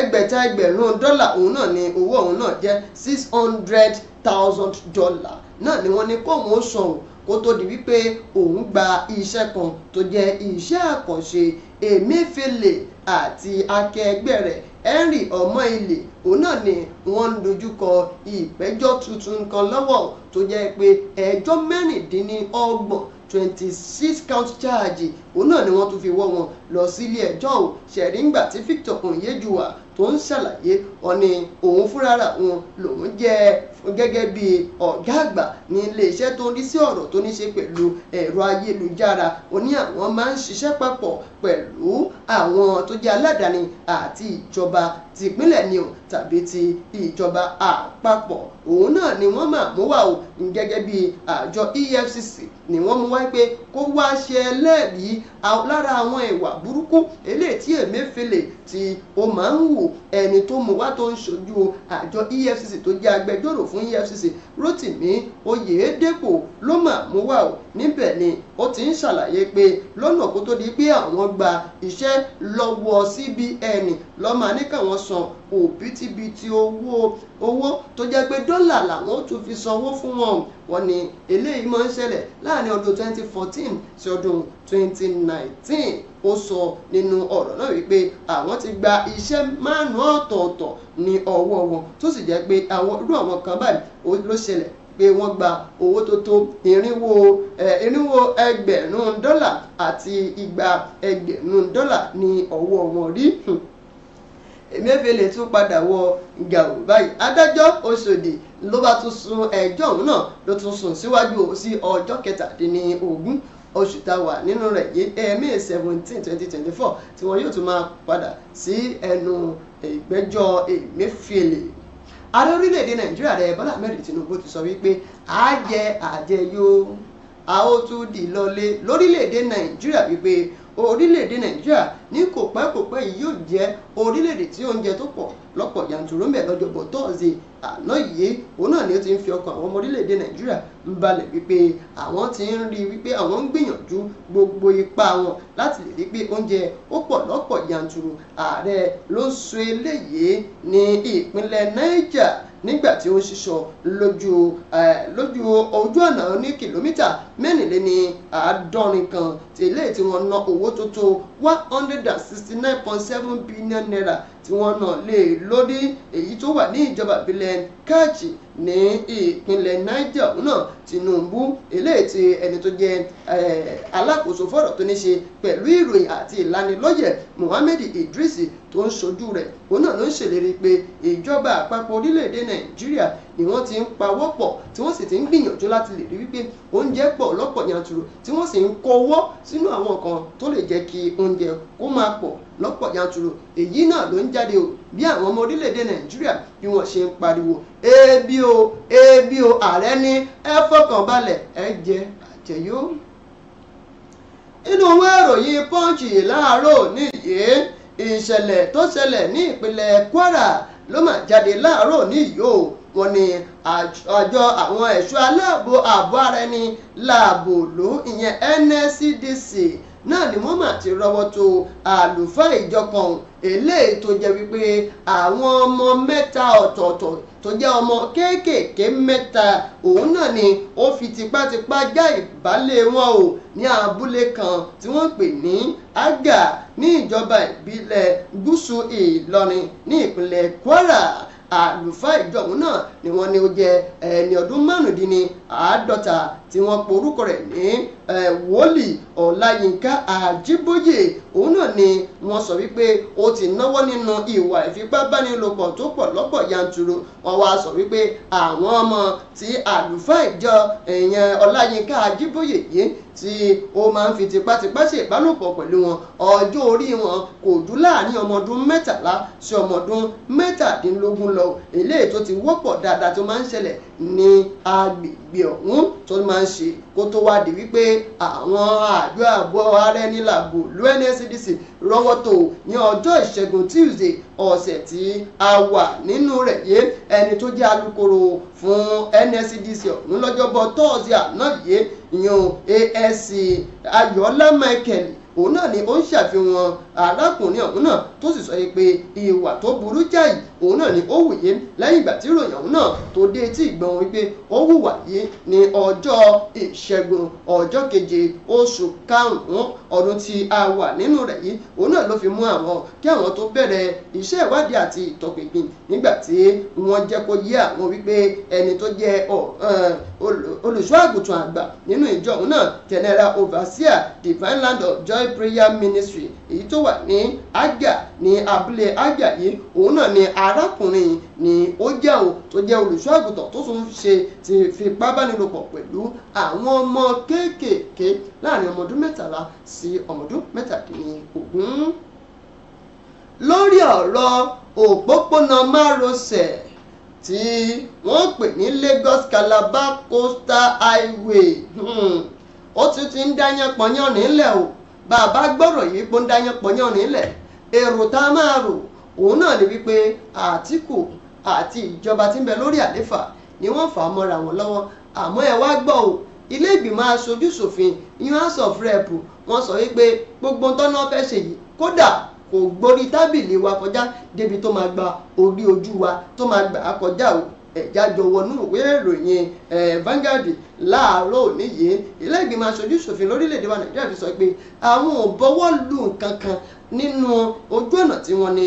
[SPEAKER 2] ẹgbẹ̀ta ẹgbẹ̀rún dọ́là òun náà ni owó òun náà jẹ́ six hundred thousand dollar náà ni wọ́n ní kóun ó san o kó tó di wípé òun gba iṣẹ́ kan tó jẹ́ iṣẹ́ àkànṣe Emefiele àti akẹgbẹ́ rẹ̀ Henry Ọmọilé òun náà ni wọ́n ń dojúkọ ìpẹ́jọ́ tuntun kan lọ́wọ́ tó jẹ́ pé ẹjọ́ mẹ́rìndínlọ́gbọ̀n twenty six count charge òun náà ni wọ́n tún fi wọ́ wọn lọ sílé ẹjọ́ o ṣẹ̀ríngbà tí Victor Onyejua tó ń ṣàlàyé ọ̀ni òun fúnra rà wọn lòun jẹ́ gẹ́gẹ́ bí ọ̀gá àgbà ní iléeṣẹ́ tó ń rí sí ọ̀rọ̀ tó ní ṣe pẹ̀lú ẹ̀rọ ayélujára ó ní àwọn máa ń ṣiṣẹ́ papọ̀ pẹ̀lú àwọn tó jẹ́ aládàáni àti ìjọba tìpínlẹ̀ ni o tàbí ti ìjọba àpapọ̀ òun náà ni wọ́n máa mú wá o gẹ́gẹ́ bí àjọ EFCC ni wọ́n mú wá pé kó wá ṣe ẹlẹ́rìí lára àwọn ìwà burúkú eléyìí tí Emefiele tí ó máa ń wù ẹni tó mú wá tó ń ṣojú àjọ EFCC tó jẹ́ agbẹjọ́rò fún EFCC Rotimi Oyedepo ló mà mú wá o níbẹ̀ ni ó ti ń ṣàlàyé pé lọ́nà kó tó di pé àwọn gba iṣẹ́ lọ́wọ́ CBN ló máa san òbítíbitì owó owó tó jẹ́ pé dọ́là làwọn ó tún fi sanwó fún wọn wọ́n ní eléyìí máa ń ṣẹlẹ̀ láàrin ọdún 2014 sí ọdún 2019 ó sọ nínú ọ̀rọ̀ náà wípé àwọn ti gba iṣẹ́ márùn-ún ọ̀tọ̀ọ̀tọ̀ ní ọwọ́ wọn tó sì jẹ́ pé àwọn irú àwọn kan báyìí ló ṣẹlẹ̀ pé wọ́n gba owó tó tó irínwó irínwó ẹgbẹ̀rún dọ́là àti igba ẹgbẹ̀rún dọ́là ní ọwọ́ wọn rí emefiele tún padà wọ gàù báyìí adájọ́ oṣòdì ló bá tún sún ẹjọ́ òun náà ló tún sún síwájú sí ọjọ́ kẹtàdínlógún oṣù tá a wà nínú rẹ̀ yìí ẹ̀ẹ́mẹ́ seventeen twenty twenty four tí wọn yóò tún máa padà sí ẹnu ìgbẹ́jọ́ emefiele ààrẹ orílẹ̀-èdè nàìjíríà rẹ̀ bọ́lá ahmed tinubu ti sọ wípé àájẹ àjẹyó a ó tún dì lọlé lórílẹ̀-èdè nàìjíríà wípé orílẹ̀-èdè nàìjíríà ní kò pẹ́ kò pẹ́ yìí yóò jẹ́ orílẹ̀-èdè tí oúnjẹ tó pọ̀ lọ́pọ̀ yanturu ń bẹ tọ́ọ̀sì àná yìí òun náà ni ó ti ń fi ọkàn àwọn ọmọ orílẹ̀-èdè nàìjíríà ń balẹ̀ wípé àwọn ti ń rí wípé àwọn ń gbìyànjú gbogbo ipá wọn láti lè rí pé oúnjẹ ó pọ̀ lọ́pọ̀ yanturu ààrẹ ló ń sọ eléyìí ní ìpínlẹ̀ niger nígbà tí ó ń ṣiṣọ lójú lójú ojú ọ̀nà ní kìlómítà mẹ́rìnléní àádọ́rin kan tí eléyìí tí wọ́n ná owó tó tó one hundred and sixty nine point seven billion naira tí wọ́n náà lè lórí èyí tó wà ní ìjọba ìbílẹ̀ káàkiri ní ìpínlẹ̀ niger náà tinubu eléyìí tí ẹni tó jẹ alákòóso fọ́rọ̀ tó ní ṣe pẹ̀lú ìròyìn àti ìlanilọ́yẹ̀ muhammed idris tó ń ṣojú rẹ̀ òun náà ló ń ṣèlérí pé ìjọba àpapọ̀ orílẹ̀-èdè nàìjíríà ni wọ́n ti ń pawọ́ pọ̀ tí wọ́n sì ti ń gbìyànjú láti lè rí wípé oúnjẹ pọ̀ lọ́pọ̀ yanturu tí wọ́n sì ń kọwọ́ sínú àwọn kan tó lè jẹ́ kí oúnjẹ kó máa pọ̀ lọ́pọ̀ yanturu èyí náà ló ń jáde o bí àwọn ọmọ orílẹ̀-èdè nàìjíríà bí wọ́n ṣe ń pariwo ebi o ebi o ààrẹ ní ẹ fọkàn balẹ̀ ẹ jẹ àjẹyó. inú ìwé ìròyìn punch láàárọ̀ nìyí ìṣẹ̀lẹ̀ tó ṣẹlẹ̀ ní ìpínlẹ̀ kwara ló mà jáde láàárọ̀ nìyí o wọ́n àjọ àwọn ẹ̀ṣọ́ aláàbò ààbò ara ẹni láàbò ló ìyẹn NSCDC náà ni wọ́n mà ti rọwọ́ tó àlùfáà ìjọ kan eléyìí tó jẹ́ wípé àwọn ọmọ mẹ́ta ọ̀tọ̀ọ̀tọ̀ tó jẹ́ ọmọ kéékèèké mẹ́ta òun náà ni ó fi tipátipá já ìbálé wọn o ní abúlé kan tí wọ́n pè ní Aga ní ìjọba ìbílẹ̀ gúúsù Ìlọrin ní ìpínlẹ̀ Kwara àlùfáà ìjọ òun náà ni wọ́n ní ó jẹ́ ẹni ọdún márùndínláàádọ́ta tí wọ́n pe orúkọ rẹ̀ ní wòlíì ọláyínká àjíbóyè òun náà ni wọ́n sọ wípé ó ti náwó nínú ìwà ìfipábánilòpọ̀ tó pọ̀ lọ́pọ̀ yanturu wọ́n wá sọ wípé àwọn ọmọ tí àlùfáà ìjọ èèyàn ọláyínká àjíbóyè yìí tí ó máa ń fi tipátipá ṣe ìbálòpọ̀ pẹ̀lú wọn ọjọ́ orí wọn kò jù láàrin ọmọ ọdún mẹ́tàlá sí ọmọ ọdún mẹ́tàdínlógún lọ eléyìí tó ti wọ́pọ̀ dáadáa tó máa ń ṣẹlẹ̀ ní agbègbè ọ̀hún tó máa ń ṣe kó tó wá di wípé àwọn àjọ ààbò ara ẹni ló NSCDC rọ́wọ́ tó ní ọjọ́ ìṣẹ́gun Tuesday ọ̀sẹ̀ tí a wà nínú rẹ̀ yé ẹni tó jẹ́ alukoro fún NSCDC ọ̀hún lọ́jọ́bọ̀ tọ́ọ̀sì àná yé ìyún ASC Ayọ̀ọ́lá Michael òun náà ni ó ń ṣàfihàn arákùnrin ọ̀hún náà tó sì sọ pé ìwà tó burú jáì òun náà ni ó wòye lẹ́yìn ìgbà tí ìròyìn ọ̀hún náà tó dé etí ìgbọ̀n wípé ó hùwà yìí ní ọjọ́ ìṣẹ́gun ọjọ́ keje oṣù karùn-ún ọdún tí a wà nínú rẹ̀ yìí òun náà ló fi mú àwọn kí àwọn tó bẹ̀rẹ̀ iṣẹ́ ìwádìí àti ìtọpinpin nígbà tí wọ́n jẹ́ kó yé àwọn wípé ẹni tó jẹ́ olùṣọ́ àgùntàn àgbà nínú ìjọ òun náà general overseer divine land of joy High Prayer Ministry èyí tó wà ní Aga ní abúlé Aga yìí òun náà ni arákùnrin ni ó jẹ́ òun tó jẹ́ olùṣọ́ àgùntàn tó tún ṣe ti fipábánilòpọ̀ pẹ̀lú àwọn ọmọ kéékèèké láàrin ọmọdún mẹ́tàlá sí ọmọdún mẹ́tàdínlógún lórí ọ̀rọ̀ òpópónà márosẹ̀ tí wọ́n pè ní Lagos Calabar Coastal Highway hmm, ó tún ti ń dá yánpọnyán nílẹ̀ o bàbá gbọ́rọ̀ yìí gbóńdáyán pọ̀yán nílẹ̀ èrò tá a máa rò òun náà ni wípé Àtíkù àti ìjọba tí ń bẹ lórí àléfà ni wọ́n fà á mọ́ra wọn lọ́wọ́ àmọ́ ẹ wá gbọ́ o ilé ìgbìmọ̀ aṣojúṣòfin ìyún house of rep wọ́n sọ wípé gbogbo tọ́nà fẹ́ ṣe yìí kódà kò gborí tábìlì wa kọjá débi tó máa gba orí ojú wa tó máa gbà á kọjá o ẹ̀já jọ̀wọ́ nínú ìwé ìròyìn Vanguard láàárọ̀ òní yìí ilé ìgbìmọ̀ aṣojú ṣòfin lórílẹ̀‐èdè wa Nàìjíríà ti sọ pé àwọn ò bọ́wọ́ lù nǹkan kan nínú ojú ọ̀nà tí wọ́n ní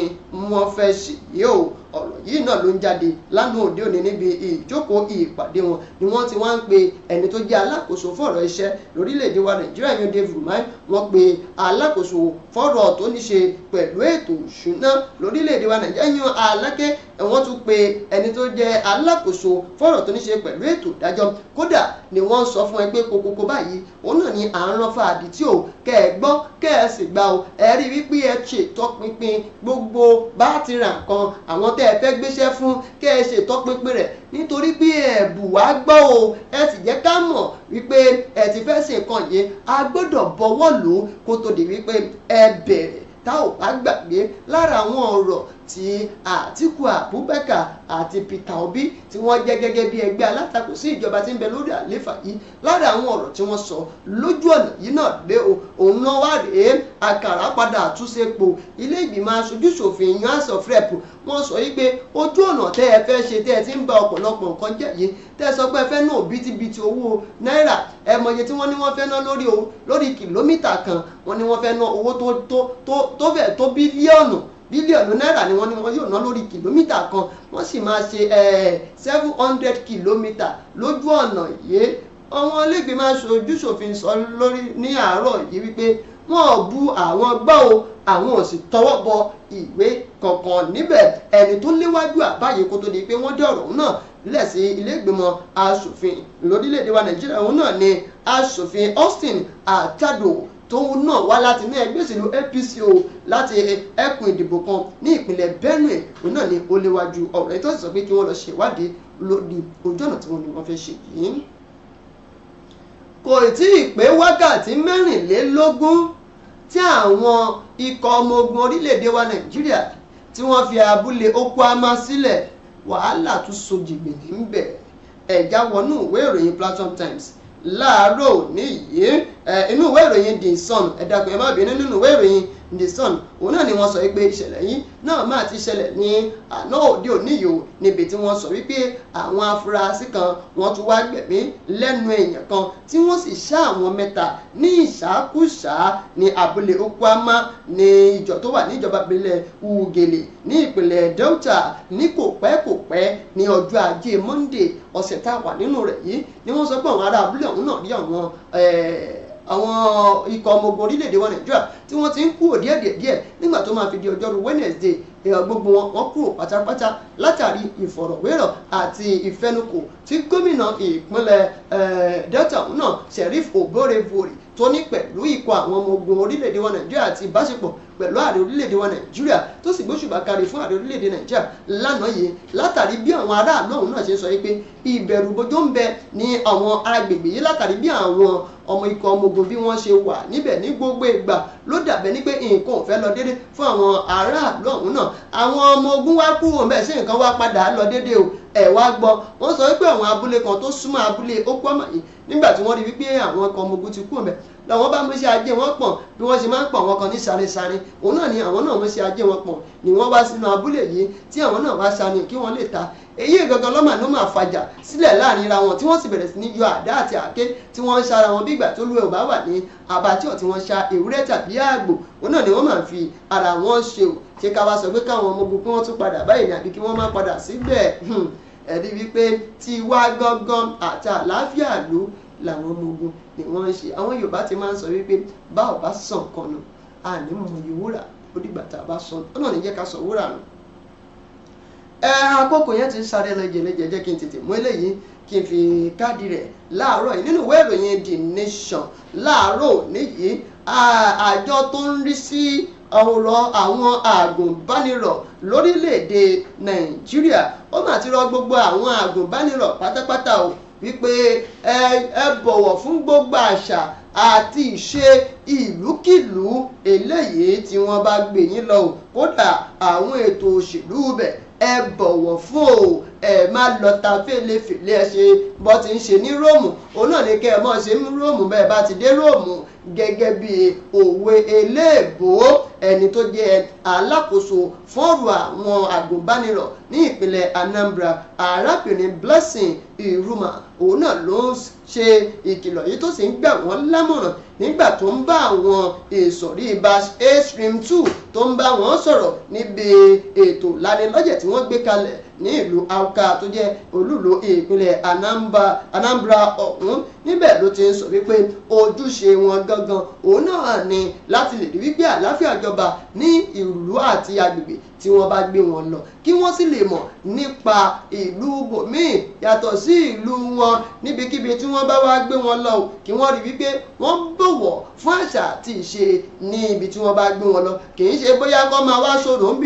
[SPEAKER 2] wọ́n fẹ́ ṣe yìí o ọ̀rọ̀ yìí náà ló ń jáde lánàá òde òní níbi ìjókòó ìpàdé wọn ni wọ́n ti wá ń pe ẹni tó jẹ́ alákòóso fọ̀rọ̀ iṣẹ́ lórílẹ̀‐èdè wa nàìjíríà yan David Umahi wọ́n pe alákòóso fọ̀rọ̀ tó ní ṣe pẹ̀lú ètò ìṣúná lórílẹ̀‐èdè wa nàìjíríà yan alákẹ́ wọ́n tún pe ẹni tó jẹ́ alákòóso fọ̀rọ̀ tó ní ṣe pẹ̀lú ètò ìdájọ́ kódà ni wọ́n sọ fún ẹ pé kokoko báyìí òun náà ni à ń rán fàdí tí ò kẹ́ ẹ gbọ́ kẹ́ ẹ sì gbà ó ẹ rí wípé ẹ ṣètọ́pinpin gbogbo bá ti ra nǹkan àwọn t tẹ́ ẹ fẹ́ gbéṣẹ́ fún kẹ́ ẹ ṣètọ́pinpin rẹ̀ nítorí pé ẹ bù wá gbọ́ o ẹ sì jẹ́ ká mọ̀ wípé ẹ ti fẹ́ ṣe nǹkan yìí a gbọ́dọ̀ bọwọ́ lò ó kó tó di wípé ẹ bẹ̀rẹ̀ tá ò bá gbàgbé lára àwọn ọ̀rọ̀ tí àtìkù abubakar àti peter obi tí wọ́n jẹ́ gẹ́gẹ́ bí ẹgbẹ́ alátakò sí ìjọba tí ń bẹ lórí àléfà yìí lára àwọn ọ̀rọ̀ tí wọ́n sọ lójú ọ̀nà yìí náà lé o òun náà wá rèé àkàrà padà àtúnṣe po ilé ìgbìmọ̀ aṣojúṣòfin yan house of rep wọ́n sọ yìí pé ojú ọ̀nà tẹ́ ẹ fẹ́ ṣe tẹ́ ẹ ti ń ba ọ̀pọ̀lọpọ̀ nǹkan jẹ́ yìí tẹ́ ẹ sọ pé ẹ fẹ́ náà bítíbitì owó náírà ẹ mọye tí wọ́n ní wọ́n fẹ́ ná lórí o lórí kìlómítà kan wọ́n ní wọ́n fẹ́ ná owó tó bílíọ̀nù bílíọ̀nù náírà ni wọ́n ní wọn yóò ná lórí kìlómítà kan wọ́n sì máa ṣe seven hundred kìlómítà lójú ọ̀nà yìí àwọn ilégbèmọ̀ aṣojú ṣòfin sọ lórí ní àárọ̀ yìí wípé wọn ò bu àwọn gbọ́ o àwọn ò sì tọwọ́ bọ ìwé kankan níbẹ̀ ẹni tó léwájú àbáyé kó tó di pé wọ́n dé ọ̀rọ̀ náà lẹ́sìn ilé ìgbìmọ̀ aṣòfin lórílẹ̀‐èdè wa nàìjíríà òun náà ni aṣòfin Austin Àtàdò tóun náà wá láti ní ẹgbẹ́ òṣèlú APC o láti ẹkùn ìdìbò kan ní ìpínlẹ̀ Benue òun náà ni ó léwájú ọ̀rọ̀ ètò ìsọ pé kí wọ́n lọ ṣe ìwádìí lórí ojú ọ̀nà tí wọ́n ní wọ́n fẹ́ ṣe yìí. kò tí ì pé wákàtí mẹ́rìnlélógún tí àwọn ikọ̀ ọmọ ogun orílẹ̀-èdè wa Nàìjíríà tí wọ́n fi abúlé Okuama sílẹ̀ wàhálà tún sojìgbè níbẹ̀ ẹ̀já wọnú ìwé ìròyìn Platform Times láàárọ̀ òní yìí Eh, inú ìwé ìròyìn the sun ẹ dákun ẹ má bínú nínú ìwé ìròyìn the sun òun náà ni wọ́n sọ pé ìṣẹ̀lẹ̀ yìí náà máa ti ṣẹlẹ̀ ní àná òde òní yìí o níbi tí wọ́n sọ wípé àwọn afurasí kan wọ́n tún wá gbẹ̀mí lẹ́nu èèyàn kan tí wọ́n sì ṣá àwọn mẹ́ta ní ìṣàkúṣà ní abúlé okwama ní ìjọ tó wà níjọba ìbílẹ̀ ugele ní ìpínlẹ̀ delta ní kò pẹ́ kò pẹ́ ní ọjọ́ ajé monday ọ̀sẹ̀ tá a wà nínú rẹ̀ yìí ni wọ́n sọ pé àwọn ará abúlé ọ̀hún náà rí àwọn eh, àwọn ikọ̀ ọmọ ogun orílẹ̀-èdè wa nàìjíríà tí wọ́n ti ń kúrò díẹ̀ díẹ̀ nígbà tó máa fi di ọjọ́rú Wednesday èèyàn gbogbo wọn wọ́n kúrò pátápátá látàrí ìfọ̀rọ̀wérọ̀ àti ìfẹnukò tí gómìnà ìpínlẹ̀ Delta náà Sheriff Oborevwori tó ní pẹ̀lú ikọ̀ àwọn ọmọ ogun orílẹ̀-èdè wa Nàìjíríà àti ìbáṣepọ̀ pẹ̀lú ààrẹ orílẹ̀-èdè wa Nàìjíríà tó sì gbóṣùbà kárí fún ààrẹ orílẹ̀-èdè Nàìjíríà lánàá yìí látàrí bí àwọn aráàlú ọ̀hún náà ṣe sọ pé ìbẹ̀rùbojo ń bẹ ní àwọn agbègbè yìí látàrí bí àwọn ọmọ ikọ̀ ọmọ ogun bí wọ́n ṣe wà níbẹ̀ ní gbogbo ìgbà ló dàbẹ̀ ní pé nǹkan ò fẹ́ lọ déédé fún àwọn aráàlú ọ̀hún náà àwọn ọmọ ogun wá kúrò ńbẹ̀ sí nǹkan wá padà lọ déédé o ẹ̀ wá gbọ́ wọ́n sọ wípé àwọn abúlé kan tó súnmọ́ abúlé Okuama yìí nígbà tí wọ́n rí wípé àwọn ọkọ̀ ọmọ ogun ti kúrò ńbẹ̀ làwọn bá mú sí ajé wọn pọ̀n bí wọ́n ṣe máa ń pọ̀ àwọn kan ní sáré-sáré òun náà ni àwọn náà mú sí ajé wọn pọ̀n ni wọ́n wá sínú abúlé yìí tí àwọn náà wá sani kí wọ́n lè ta èyí gangan lọ́mà ló máa fàjà sílẹ̀ láàrin ra wọn tí wọ́n sì bẹ̀rẹ̀ sí ní yọ àdá àti àáké tí wọ́n ń ṣara wọn bí ìgbà tó lu ẹ̀ ò bá wà ní abatíọ̀ tí wọ́n ṣa ewúrẹ́ tàbí àgbò òun náà ni wọ́n máa fi ara wọn ṣe o ṣé ká wá sọ pé káwọn ọmọ ogun kí wọ́n tún padà báyìí ni àbí kí wọ́n má padà síbẹ̀ hmm. ẹ̀rí wípé tiwa gangan àti àlàáfíà ló làwọn ọmọ ogun ni wọ́n ń ṣe àwọn Yorùbá ti máa ń sọ wípé bá ò bá sàn kan nù àní mọ̀ ìwúrà ó dìgbà tá a bá sọ ọ́nà níjẹ́ ẹ àkókò yẹn ti ń sáré lẹ́jẹ̀lẹ́jẹ̀ jẹ́ kí n tètè mú eléyìí kí n fi káàdì rẹ̀ láàárọ̀ yìí nínú ìwé ìròyìn the nation láàárọ̀ níyìí àjọ tó ń rí sí ọ̀rọ̀ àwọn àgùnbánirọ̀ lórílẹ̀‐èdè nàìjíríà ó mà ti rọ gbogbo àwọn àgùnbánirọ̀ pátápátá o wípé ẹ ẹ bọ̀wọ̀ fún gbogbo àṣà àti ìṣe ìlúkìlú eléyìí tí wọ́n bá gbé yín lọ kódà àwọn ètò òṣèlú bẹ̀ ẹ bọ̀wọ̀ fún o ẹ má lọ ta fèlèfèlè ẹ ṣe bọ́ ti ń ṣe ní róòmù òun náà ní kẹ́ ẹ mọ̀ ṣe ní róòmù bẹ́ẹ̀ bá ti dé róòmù gẹ́gẹ́ bí òwe eléèbó ẹni tó jẹ́ alákòóso fọ́ọ̀rọ̀ àwọn àgùnbánirọ̀ ní ìpínlẹ̀ Anambra arábìnrin Blessing Iruma òun náà ló ń ṣe ìkìlọ̀ yìí tó sì ń gbà wọ́n lámọ̀ràn nígbà tó ń bá àwọn ìsọ̀rí bash a stream two tó ń bá wọn sọ̀rọ̀ níbi ètò ìlanilọ́yẹ̀ tí wọ́n gbé kalẹ̀ ní ìlú Awka tó jẹ́ olúlo ìpínlẹ̀ Anambra ọ̀hún níbẹ̀ ló ti ń sọ wípé ojúṣe wọn gangan òun náà ni láti lè rí wípé àlàáfíà jọba ní ìlú àti agbègbè tí wọ́n bá gbé wọn lọ kí wọ́n sì lè mọ̀ nípa ìlú bòmíì yàtọ̀ sí ìlú wọn níbikíbi tí wọ́n bá wá gbé wọn lọ kí wọ́n rí wípé wọ́n bọ̀wọ̀ fún àṣà àti ìṣe ní ibi tí wọ́n bá gbé wọn lọ kì í ṣe bóyá kó máa wá ṣòro ń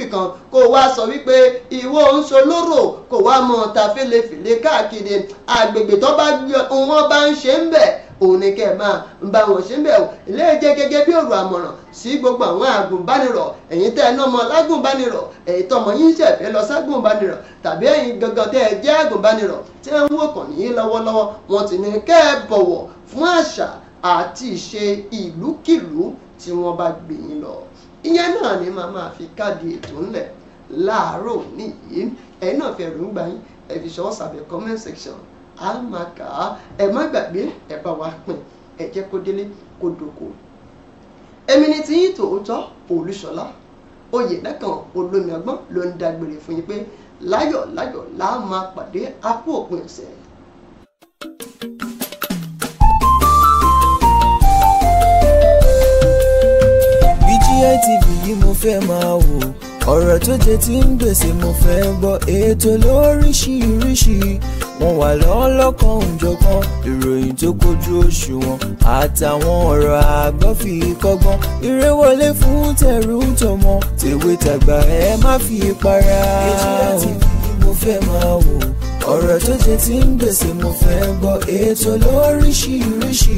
[SPEAKER 2] kó wá sọ wípé ìwọ ń ṣolóró kó wá mọ ta fèlèfèlè káàkiri agbègbè tó bá wọn bá ń ṣ ṣe ń bẹ̀ òun ni kẹ́ ẹ̀ máa ń bá wọn ṣe ń bẹ̀ o eléyìí jẹ́ gẹ́gẹ́ bí ọ̀rọ̀ àmọ̀ràn sí gbogbo àwọn àgùnbánirọ̀ ẹ̀yin tẹ́ ẹ náà mọ lágùnbánirọ̀ èyí tọmọ yín ṣẹ̀fẹ́ lọ ságùnbánirọ̀ tàbí ẹ̀yin gangan tẹ́ ẹ jẹ́ àgùnbánirọ̀ tí ẹ ń wò kàn ní lọ́wọ́lọ́wọ́ wọn ti ní kẹ́ ẹ bọ̀wọ̀ fún àṣà àti ìṣe ìlúkìlú tí wọ́n bá gbé yín lọ ìyẹn náà ni màá máa fi káàdì ètò ńlẹ̀ láàárọ̀ nìyí ẹ̀yin náà fẹ̀rù ń gbà yín ẹ sàbẹ̀ comment section A máa kà á ẹ má gbàgbé ẹ bá wa pín ẹ jẹ́ kó délé kó dòkó. èmi ni tiyín tòótọ́ olúṣọlá oyè lẹ́kàn olómi ọgbọ́n ló ń dágbére fún yín pé láyọ̀ láyọ̀ là á máa pàdé apó òpin ọ̀sẹ̀.
[SPEAKER 1] BGI yìí mo fẹ́ máa wò ọ̀rọ̀ tó jẹ ti ń gbèsè mo fẹ́ gbọ́ ètò lóríṣiríṣi wọ́n wà lọ́lọ́kan òjọ̀kan ìròyìn tó kojú òṣùwọ̀n àtàwọn ọ̀rọ̀ àgbọ́fi kọ́gbọ́n eré wọlé fún tẹ̀rù tọmọ tèwe tàgbà ẹ má fi para. ètò láti mo fẹ́ máa wò ọ̀rọ̀ tó jẹ ti ń gbèsè mo fẹ́ gbọ́ ètò lóríṣiríṣi